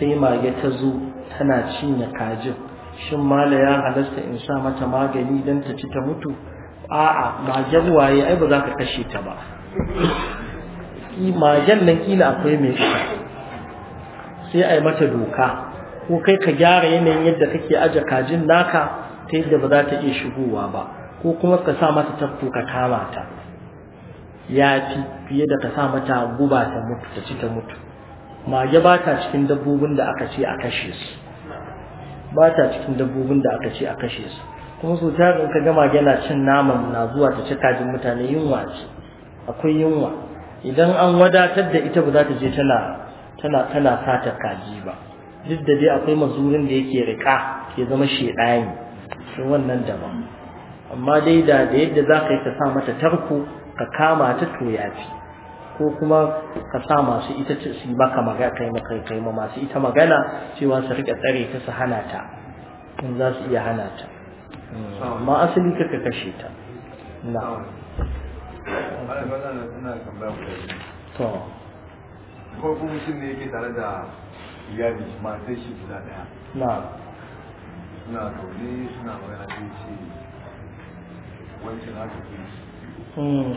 Speaker 2: sai mage ta zo tana cinye kajin shin mala ya halasta in sa mata magani don ta ci ta mutu a'a majan waye ai ba za ka kashe ta ba majan nan kila akwai mai sai a mata doka ko kai ka gyara yanayin yadda kake aje kajin naka ta yadda ba za ta iya shigowa ba ko kuma ka sa mata tafto ka kama ta ya fi fiye da ka sa mata guba ta mutu ta ci ta mutu mage ba ta cikin dabbobin da aka ce a kashe su ba ta cikin dabbobin da aka ce a kashe su kuma so ta ka gama yana cin naman na zuwa ta ci kajin mutane yunwa ce akwai yunwa idan an wadatar da ita ba za ta je tana tana tana fata kaji ba duk da dai akwai mazurin da yake rika ke zama shedani shi wannan daban amma dai da yadda za ka yi ka sa mata tarko ka kama ta to yafi ko kuma ka sa masu ita ce su maka magana kai maka kai ma masu ita magana cewa su rika tsare ta su hana ta in za su iya hana ta amma asali ka ka kashe ta na to
Speaker 1: ko kuma mutum ne yake tare da iyali matar shi guda daya na suna zaune suna magana sai ce wancan haka ke
Speaker 3: mm.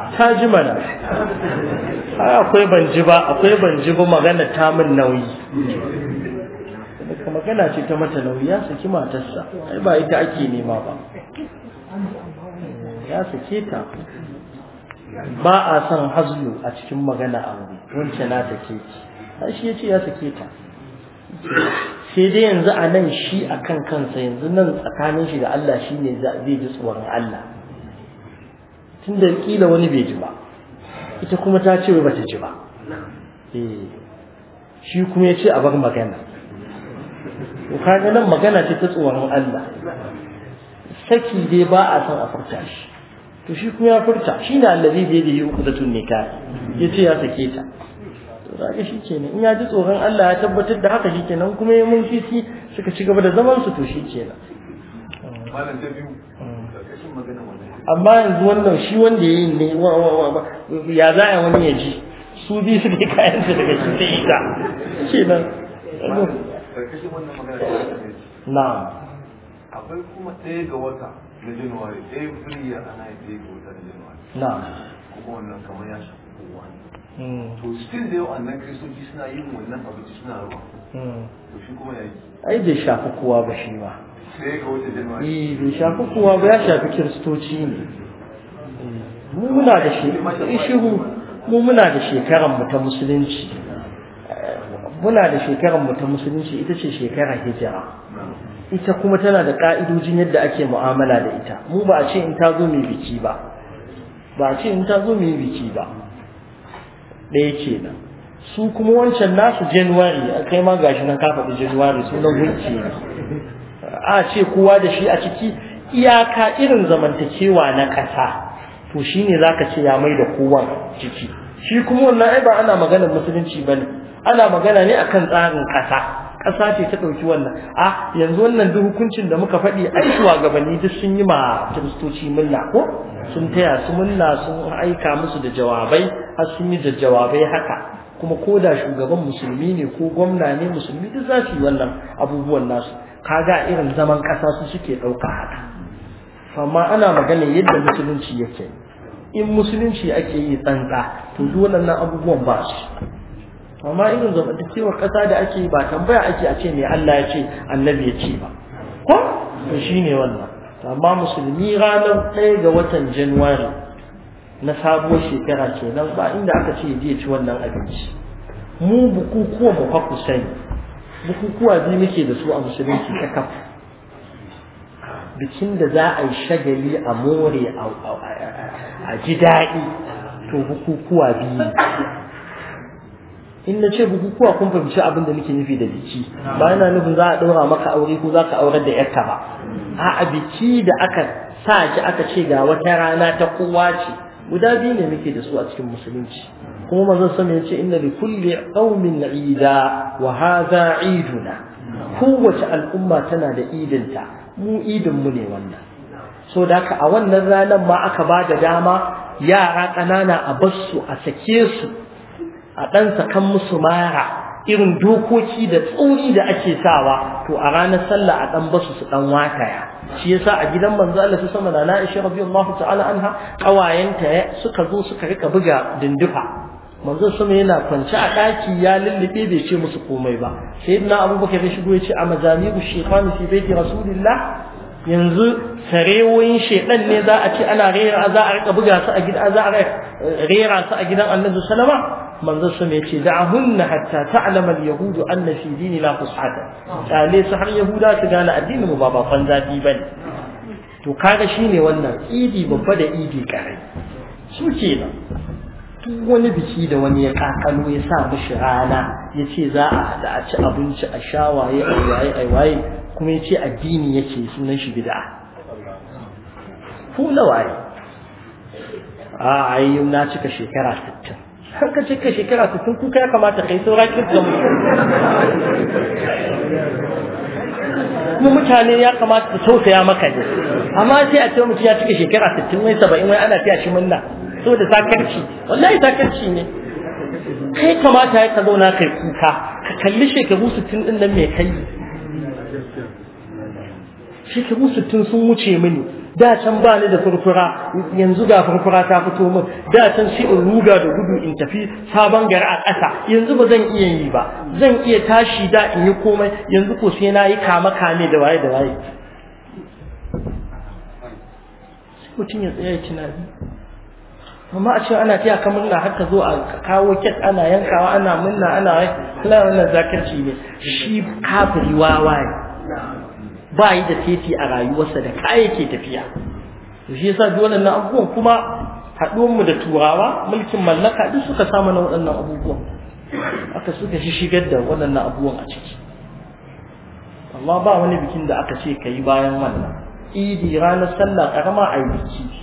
Speaker 2: ta ji mana akwai ban ji ba akwai ban ji ba magana ta min nauyi daga magana ce ta mata nauyi ya saki matarsa ai ba ita ake nema ba ya sake ta
Speaker 3: ba a son
Speaker 2: hazlu a cikin magana a wuri wancan na sake ki shi ya ce ya sake ta sai dai yanzu a nan shi a kan kansa yanzu nan tsakanin shi da Allah shi ne zai ji tsoron Allah tunda kila wani bai ji ba ita kuma ta ce wai bata ji ba eh, shi kuma ya ce a bar magana kaga nan magana ce ta tsoron Allah saki dai ba a son a furta shi to shi kuma ya furta shi ne allazi da yi uku da tunnika ya ce ya sake ta to kaga shi kenan in ya ji tsoron Allah ya tabbatar da haka shi kenan kuma ya mun fifi suka ci gaba da zaman su to shi kenan
Speaker 1: malam ta biyu
Speaker 3: magana
Speaker 2: amma yanzu wannan shi wanda ya yi ne ya za a wani ya ji su bi su ne kayan su daga shi ta ita shi nan
Speaker 1: na akwai kuma ɗaya ga wata na januwari ɗaya firiya ana yi ɗaya ga wata na januwari na kuma wannan kamar ya shafi kowa hmm. to still da yau annan kristoci suna yin wannan abinci suna ruwa hmm. to shi kuma ya yi
Speaker 2: ai bai shafi kowa ba shi ba
Speaker 1: eh bai
Speaker 2: shafi kuwa? ba ya shafi kiristoci ne mu muna da shiru mu shekaran mu ta musulunci muna da shekaran mu ta musulunci ita ce shekara hijira ita kuma tana da ka'idojin yadda ake mu'amala da ita mu ba a ce in ta zo mai biki ba ba a ce in ta zo mai biki ba ɗaya ke nan, su kuma wancan nasu januwari kai ma gashi nan ka faɗi januwari sunan wuce ne a ce kowa da shi a ciki iyaka irin zamantakewa na kasa to shi ne za ka ce ya mai da kowa ciki shi kuma wannan ai ba ana maganar musulunci ba ne ana magana ne akan tsarin kasa ƙasa ce ta ɗauki wannan a yanzu wannan duk hukuncin da muka faɗi ai gabanni duk sun yi ma kiristoci mulla ko sun taya su mulla sun aika musu da jawabai har sun yi da jawabai haka kuma ko da shugaban musulmi ne ko gwamna ne musulmi duk za su yi wannan abubuwan nasu kaga irin zaman ƙasa su suke ɗauka haka amma ana magana yadda musulunci yake in musulunci ake yi tsantsa to dole nan abubuwan ba su amma irin zamantakewar ƙasa da ake yi ba tambaya ake a ce mai Allah ya ce annabi ya ce ba ko to shine wannan amma musulmi ranar ɗaya ga watan januwari na sabuwar shekara kenan ba inda aka ce je ci wannan abinci mu bukukuwan mu fa ku sani bukukuwa biyu muke da su a musulunci ta kaf bikin da za a yi shagali a more a ji daɗi to bukukuwa biyu in na ce bukukuwa kun fahimci abin da muke nufi da biki ba yana nufin za a ɗora maka aure ko za ka aurar da yarka ba a biki da aka sa ki aka ce ga wata rana ta kowa ce guda biyu ne muke da su a cikin musulunci kuma manzon sama ce inna bi kulli qaumin ida wa hadha iduna kowace al'umma tana da idinta mu idin mu ne wannan so da haka a wannan ranar ma aka ba da dama yara ƙanana a basu a sake su a ɗan sakan musu mara irin dokoki da tsauri da ake sawa to a ranar sallah a ɗan basu su ɗan wataya shi yasa a gidan manzo Allah sama da na Aisha radiyallahu ta'ala anha ƙawayenta suka zo suka rika buga dindufa manzo sama yana kwance a daki ya lullube bai ce musu komai ba sayyidina abubakar ya shigo ya ce a mazamiru shaytan fi baiti rasulillah yanzu sarewoyin shaytan ne za a ce ana rera za a rika buga su a gidan za a rera su a gidan annabi sallama manzo sama ya ce da'ahunna hatta ta'lama al-yahud anna fi dini la fusata kale su har yahuda su gane addinin mu ba ba fan bane to kaga shine wannan idi babba da idi kare su kenan duk wani biki da wani ya kakano ya sa mishi rana ya ce za a haɗa a ci abinci a sha waye a waye a waye kuma ya ce addini yake sunan shi bid'a ku nawa ne a ai na cika shekara 60 har ka cika shekara 60 kuka ya kamata kai saura kirkan kuma mutane ya kamata su tausaya maka ne amma sai a ce mutum ya cika shekara 60 wai 70 wai ana tiya shi munna so da zakarci wallahi zakarci ne kai kamata ya ka zauna kai kuka ka kalli shekaru sittin din nan mai kai shekaru sittin sun wuce mini da can ba ni da furfura yanzu ga furfura ta fito min da can sai in ruga da gudu in tafi sabon gari a ƙasa yanzu ba zan iya yi ba zan iya tashi da in yi komai yanzu ko sai na yi kama kame da waye da waye mutum ya tsaya tunani amma a ce ana taya ka murna har zo a kawo kek ana yankawa ana murna ana kula wannan zakarci ne shi kafiri wawa ne ba yi da teti a rayuwarsa da kaya ke tafiya to shi yasa duk waɗannan abubuwan kuma haɗuwar mu da turawa mulkin mallaka duk suka samu na waɗannan abubuwan aka suka shi shigar da waɗannan abubuwan a ciki amma ba wani bikin da aka ce ka yi bayan wannan idi ranar sallah karama a biki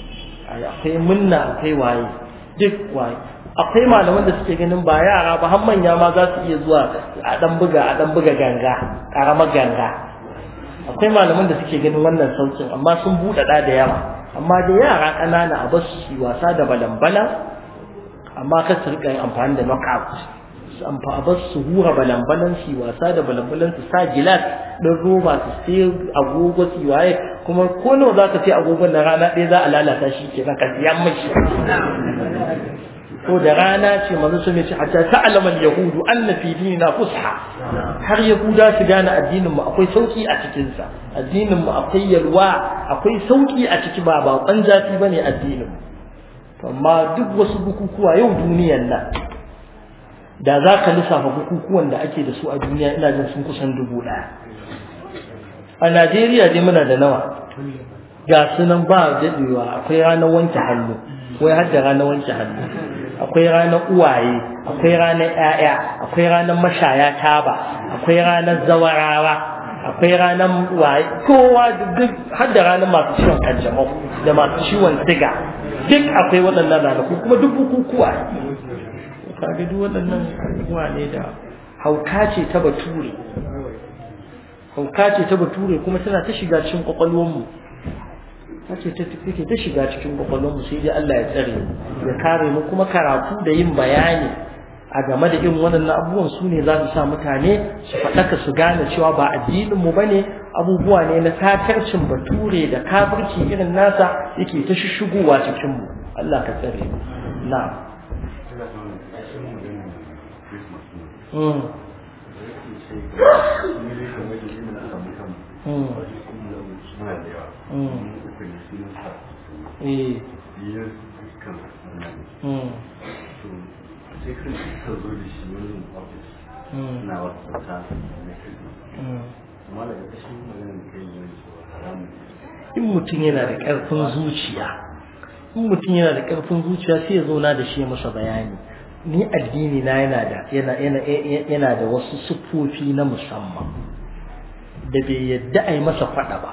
Speaker 2: akwai munna akwai waye duk waye akwai malaman da suke ganin ba yara ba har manya ma za su iya zuwa a dan buga a dan buga ganga karamar ganga akwai malaman da suke ganin wannan saukin amma sun ɗa da yawa amma da yara ƙanana a basu su wasa da balan-balan amma ka su riƙa yin amfani da knockout amfa a bar su hura balambalan su wasa da balambalan su sa gilas ɗin roba su sai agogo su waye kuma ko nawa za ka ce agogon na rana ɗaya za a lalata shi ke ka siyan mashi ko da rana ce manzo sun ce hatta ta'lamal yahudu anna fi dinina fusha har yahuda su gane addinin mu akwai sauki a cikin sa addinin mu akwai yalwa akwai sauki a ciki ba ba kan zafi bane addinin mu amma duk wasu bukukuwa yau duniyar nan da za ka lissafa bukukuwan da ake da su a duniya ina jin sun kusan dubu ɗaya a najeriya dai muna da nawa ga sunan ba daɗewa akwai ranar wanke hannu wai har da ranar wanke hannu akwai ranar uwaye akwai ranar 'ya'ya akwai ranar mashaya taba akwai ranar zawarawa akwai ranar waye kowa duk har da ranar masu ciwon kanjamau da masu ciwon siga duk akwai waɗannan ranaku kuma duk bukukuwa kage duk waɗannan kuma ne da hauka ce ta bature hauka ce ta bature kuma tana ta shiga cikin mu. ta ce ta take ta shiga cikin mu sai dai Allah ya tsare ya kare mu kuma karatu da yin bayani a game da irin waɗannan abubuwan su ne za su sa mutane su faɗaka su gane cewa ba addinin mu bane abubuwa ne na tatarcin bature da kafirci irin nasa yake ta shishigowa cikin mu Allah ka tsare na. na'am in mutum yana da ƙarfin zuciya in mutum yana da ƙarfin zuciya sai ya zauna da shi masa bayani ni addini na yana da yana yana yana da wasu siffofi na musamman da bai yadda a yi masa faɗa ba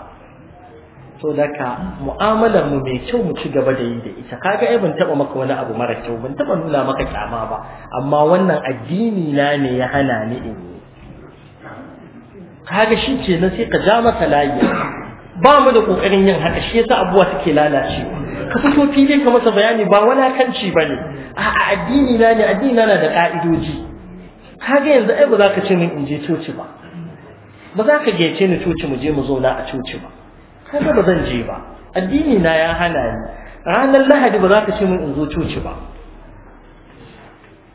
Speaker 2: so daga mu'amalar mu mai kyau mu ci gaba da yi da ita kaga ai ban taba maka wani abu mara kyau ban taba nuna maka kyama ba amma wannan addini na ne ya hana ni in yi kaga shi ce na sai ka ja masa layi ba mu da kokarin yin haka shi yasa abuwa suke lalacewa ka fito fili ka masa bayani ba walakanci bane a'a addini na ne addini na da ka'idoji kage yanzu ai ba za ka ce min in je coci ba ba za ka gece ni coci mu je mu zauna a coci ba kaga ba zan je ba addini na ya hana ni ranar lahadi ba za ka ce min in zo coci ba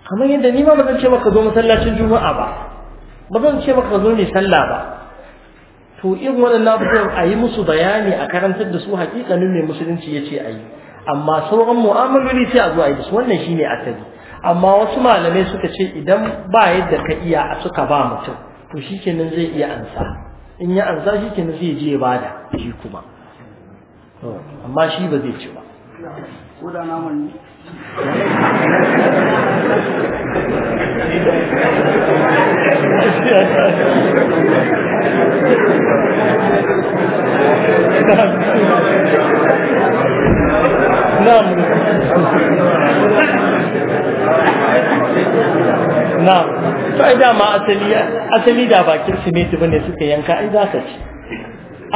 Speaker 2: kamar yadda ni ma ba zan ce maka zo masallacin juma'a ba ba zan ce maka zo ne sallah ba to irin waɗannan abubuwan a yi musu bayani a karantar da su hakikanin mai musulunci ya ce a yi amma sauran mu'amaloli sai a zuwa yi su wannan shine asali amma wasu malamai suka ce idan ba yadda ka iya a suka ba mutum to shikenan zai iya ansa in ya ansa shikenan zai je bada shi kuma amma shi ba zai ci ba ko da Thank you. نعم na'am to ai dama asali asali da bakin simiti bane suka yanka ai zaka ci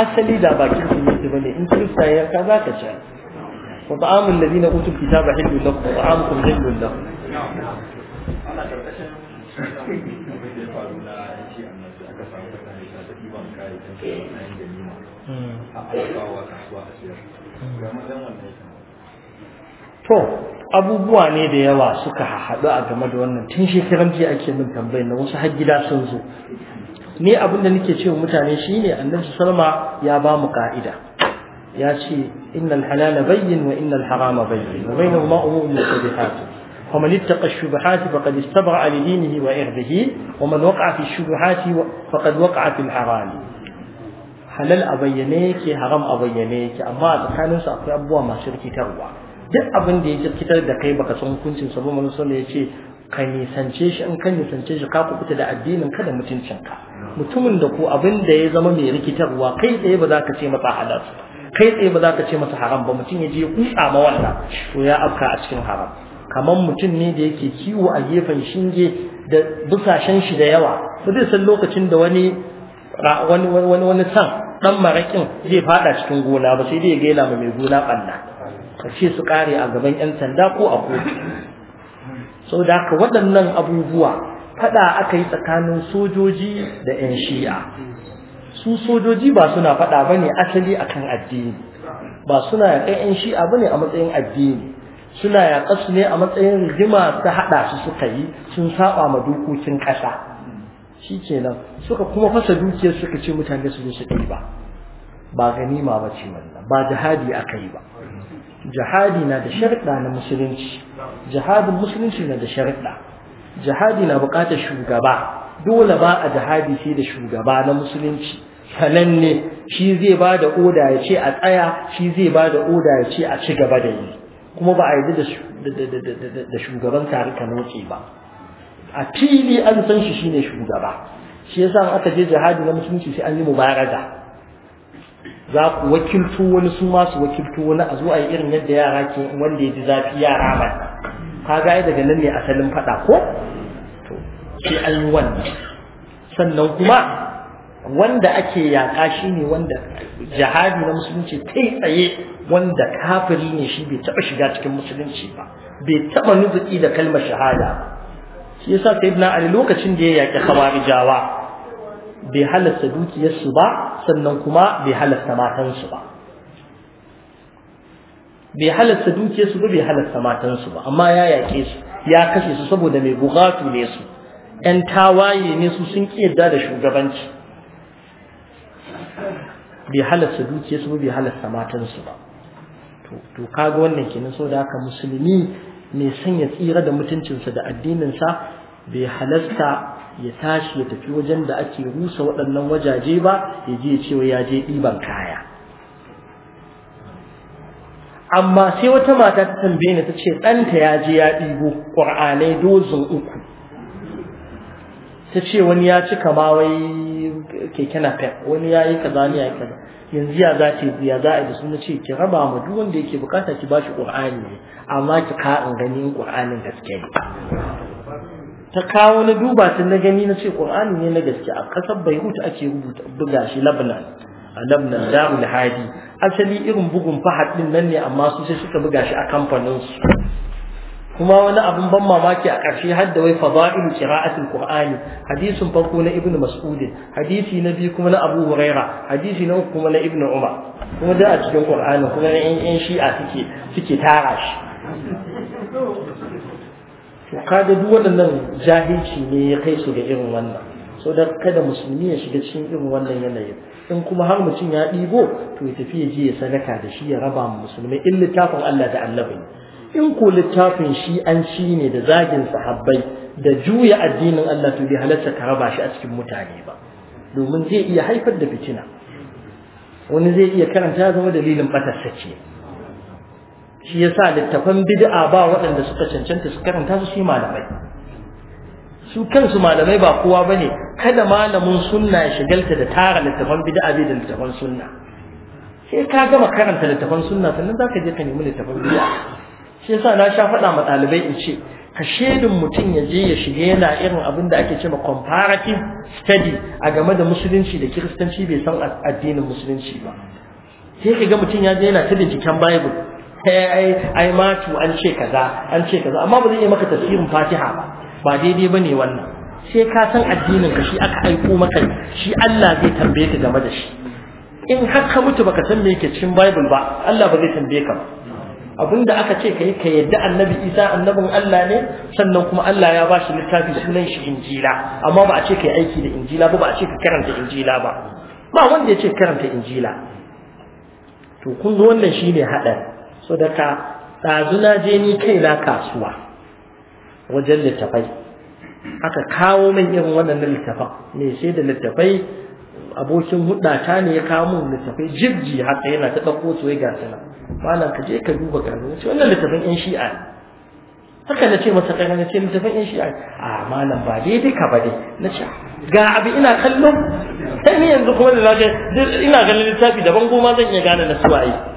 Speaker 2: asali da bakin simiti bane in kirista yanka zaka ci wa ta'amul ladina utul kitaba hillu lakum wa ta'amukum hillu lakum
Speaker 1: Mm.
Speaker 2: to abubuwa ne da yawa suka haɗu a game da wannan tun shekaran jiya ake min tambayar na wasu har gida sun zo ni abin da nake cewa mutane shine annabi sallama ya ba mu ka'ida ya ce innal halala bayyin wa innal harama bayyin wa bainahuma umurun mutashabihat فمن اتقى الشبهات فقد wa لدينه وإرضه ومن وقع في الشبهات فقد وقع في الحرام halal a bayyane yake haram a bayyane yake amma a tsakaninsu akwai abubuwa masu rikitarwa duk abin da ya jirkitar da kai baka san hukuncin sa ba mun san ya ce ka nisance shi in ka nisance shi ka fita da addinin ka da mutuncin ka mutumin da ko abin da ya zama mai rikitarwa kai tsaye ba za ka ce masa halal kai tsaye ba za ka ce masa haram ba mutum ya je ya kutsa ma wannan to ya afka a cikin haram kamar mutum ne da yake kiwo a gefen shinge da busashen shi da yawa ba zai san lokacin da wani wani wani wani san dan marakin zai fada cikin gona ba sai dai ya gaila mai gona banna ka su kare a gaban 'yan sanda ko a kotu sau da haka waɗannan abubuwa faɗa aka yi tsakanin sojoji da 'yan shi'a su sojoji ba suna fada ba ne asali akan addini ba suna yaƙan 'yan shi'a ba ne a matsayin addini suna yaƙa su ne a matsayin rigima ta haɗa su suka yi sun saba ma dokokin ƙasa shi kenan suka kuma fasa dukiyar suka ce mutane su zo su ba. ba ganima ba ce wannan ba jihadi aka yi ba jihadi na da sharɗa na musulunci jihadin musulunci na da sharɗa jihadi na buƙatar shugaba dole ba a jihadi sai da shugaba na musulunci sananne shi zai ba da oda ya ce a tsaya shi zai ba da oda ya ce a ci gaba da yi kuma ba a yi da shugaban tarika noce ba a fili an san shi shine shugaba shi yasa aka je jihadi na musulunci sai an yi mubaraka za ku wakiltu wani su ma su wakiltu wani a zo a yi irin yadda yara ke wanda ya ji zafi yara mai ka ga daga nan ne asalin faɗa ko to sai an yi wannan sannan kuma wanda ake yaƙa shi ne wanda jihadi na musulunci kai tsaye wanda kafiri ne shi bai taɓa shiga cikin musulunci ba bai taɓa nuzuki da kalmar shahada shi yasa sai ibn ali lokacin da ya yaƙi khawarijawa bai halasta dukiyarsu ba sannan kuma bai halasta matansu ba bai halasta dukiyarsu ba bai halasta matansu ba amma ya yaƙe su ya kashe su saboda mai bugatu ne su ‘yan tawaye ne su sun yarda da shugabanci bai halasta dukiyarsu ba bai halasta matansu ba to kaga wannan kenan saboda haka musulmi mai sanya tsira da mutuncinsa da addininsa bai halasta ya tashi ya tafi wajen da ake rusa waɗannan wajaje ba ya je cewa ya je ɗiban kaya amma sai wata mata ta tambaye ni ta ce ɗanta ya je ya ɗibo ƙur'anai dozin uku ta ce wani ya ci kama wai keke na fek wani ya yi kaza ni ya yi kaza yanzu ya za ta ya za a yi da sun ce ki raba ma duk wanda yake bukata ki ba bashi ƙur'ani amma ki ka in ganin ƙur'anin gaske ne ta kawo na duba ta na gani na ce ƙur'ani ne na gaske a ƙasar Beirut ake rubuta buga shi Labnan, a Labnan Darul Hadi asali irin bugun fahad din nan ne amma su sai suka buga shi a kamfanin su kuma wani abin ban mamaki a ƙarshe har da wai fada'ilu qira'atul qur'ani hadisin farko na ibnu mas'ud hadisi na biyu kuma na abu huraira hadisi na uku kuma na ibnu umar kuma da a cikin qur'ani kuma in shi'a suke suke tara
Speaker 3: shi
Speaker 2: kaga duk waɗannan jahilci ne ya kai su ga irin wannan so da kada musulmi ya shiga cikin irin wannan yanayin in kuma har mutum ya ɗigo, to ya tafi ya je ya sadaka da shi ya raba mu musulmai in littafin Allah da annabi in ko littafin shi an shi ne da zagin sahabbai da juya addinin Allah to bai halatta ka raba shi a cikin mutane ba domin zai iya haifar da fitina wani zai iya karanta zama dalilin batar sace shi yasa littafan bid'a ba waɗanda suka cancanta su karanta su shi malamai su kansu malamai ba kowa bane kada malamin sunna ya shigalta da tara littafan bid'a bai da littafan sunna sai ka gama karanta littafan sunna sannan za ka je ka nemi littafan bid'a shi yasa na sha faɗa ma ɗalibai in ce ka shedin mutum ya je ya shige yana irin abin da ake cewa comparative study a game da musulunci da kiristanci bai san addinin musulunci ba sai ka ga mutum ya je yana ta binciken bible Eh, ai, ai ai matu an ce kaza an ce kaza amma ba zan iya maka tafsirin Fatiha ba ba daidai bane wannan sai ka san addinin ka shi aka aiko maka shi Allah zai tambaye ka game da shi in har ka mutu baka san me yake cikin Bible ba Allah ba zai tambaye ka ba abinda aka ce kai ka yadda annabi isa annabin Allah ne sannan kuma Allah ya ba shi littafi sunan shi injila amma ba a ce kai aiki da injila ba ba a ce ka karanta injila ba ba wanda ya ce karanta injila to kun ga wannan shine haɗari so tsazu ɗazuna je ni kai na kasuwa wajen littafai aka kawo min irin waɗannan littafan mai sai da littafai abokin hudata ne ya kawo min littafai jirji haka yana ta ɗauko su ya gasa na malam ka je ka duba gano ce wannan littafin yan shi'a ne haka na ce masa kai na ce littafin yan shi'a ne? a malam ba daidai ka ba dai na ce ga abu ina kallo sai ni yanzu kuma da na ina ganin littafi daban goma zan iya gane na suwaye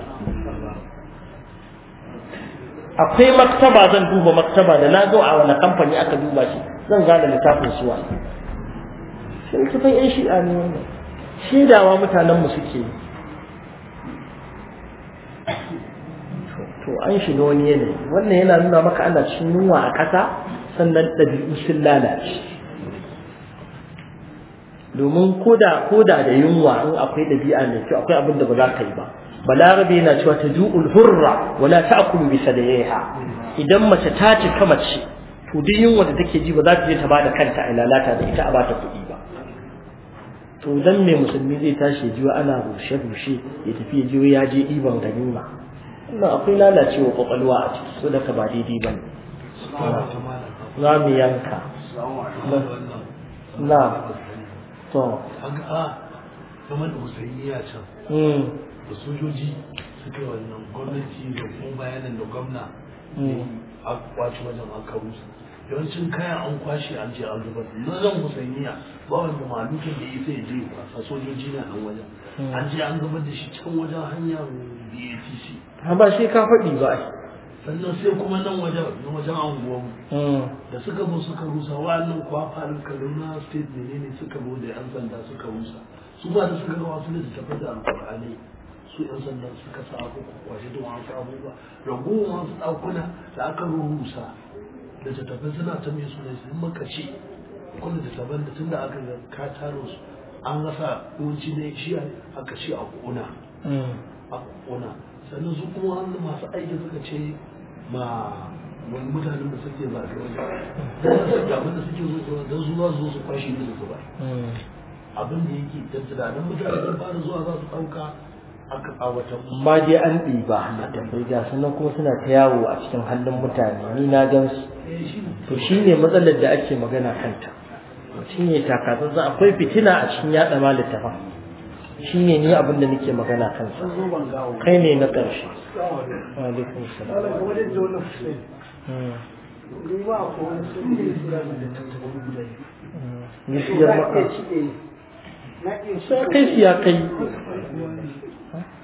Speaker 2: akwai maktaba zan duba maktaba da na zo a wani kamfani aka duba shi zan gane littafin suwa shi littafin yan shi'a ne wannan shaidawa mutanen mu suke to an shiga wani yanayi wannan yana nuna maka ana cikin yunwa a ƙasa sannan ɗabi'u sun lalace domin koda koda da yunwa in akwai ɗabi'a mai kyau akwai abin da ba za ka yi ba balarabe yana cewa ta ju'ul hurra wala ta'kulu bi sadayiha idan mace ta cika mace to duk yunwa da take ji ba za ta je ta bada kanta a lalata da ita a bata kuɗi ba to dan me musulmi zai tashi ya jiwa ana rushe rushe ya tafi ya jiwa ya je ɗiban ganima wannan akwai lalacewa kwakwalwa a ciki so da ba daidai ba ne za mu yanka na to
Speaker 1: a ga ah, ya can hmm. da sojoji suka yi wannan gwamnati da kuma bayanan da gwamna mm. a kwaci wajen aka rusa yawancin kaya an kwashe an je an zubar na zan husainiya ba wanda malukin da isa ya je kwasa sojoji na nan wajen mm. an je an zubar da shi can wajen hanyar batc ba shi ka faɗi ba sannan sai kuma nan wajen na wajen anguwan mm. da suka bu suka rusa wa'annan kuwa farin kaduna state ne ne suka bu da yan sanda suka rusa su ba da suka ga wasu littattafai da alƙur'ani su yan sanda suka sa aka kwashe da wasu abubuwa ragowar wasu ɗakuna da aka rurusa da tafi suna ta mai suna sun makace kuma da taban da tun da aka ga ka taro su an rasa yawanci na shiya aka ce a kuna mm. a kuna sannan su kuma wani masu aiki suka ce ma wani mutanen da suke ba a wajen da abin da suke zuwa don zuwa zuwa su kwashe ne su ba mm. abin da yake da tunanin mutane da fara zuwa za su ɗauka Ba
Speaker 2: dai an ɗiba tambayi ga sannan kuma suna ta yawo a cikin hannun mutane ni na gan su to shine matsalar da ake magana kanta mutum ne taka zan akwai fitina a cikin yaɗa ma littafan shi ne ni abin da nake magana kansa kai ne na ƙarshe
Speaker 1: hmm. hmm.
Speaker 2: Gaskiyar maka. Sai kai siya kai.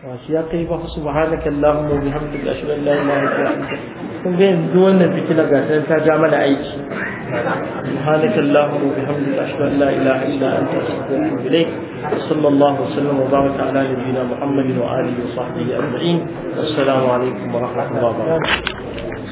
Speaker 2: wasu ya kai ba su subhanaka allahumma bihamdika ashhadu an la ilaha illa anta kun ga yanzu wannan fitila na ta ta ja mana aiki
Speaker 3: subhanaka
Speaker 2: allahumma bihamdika ashhadu an la ilaha illa anta astaghfiruka wa ilayk sallallahu alaihi wa sallam wa baraka ala nabiyyina muhammadin wa alihi wa sahbihi ajma'in assalamu alaikum wa
Speaker 3: rahmatullahi wa barakatuh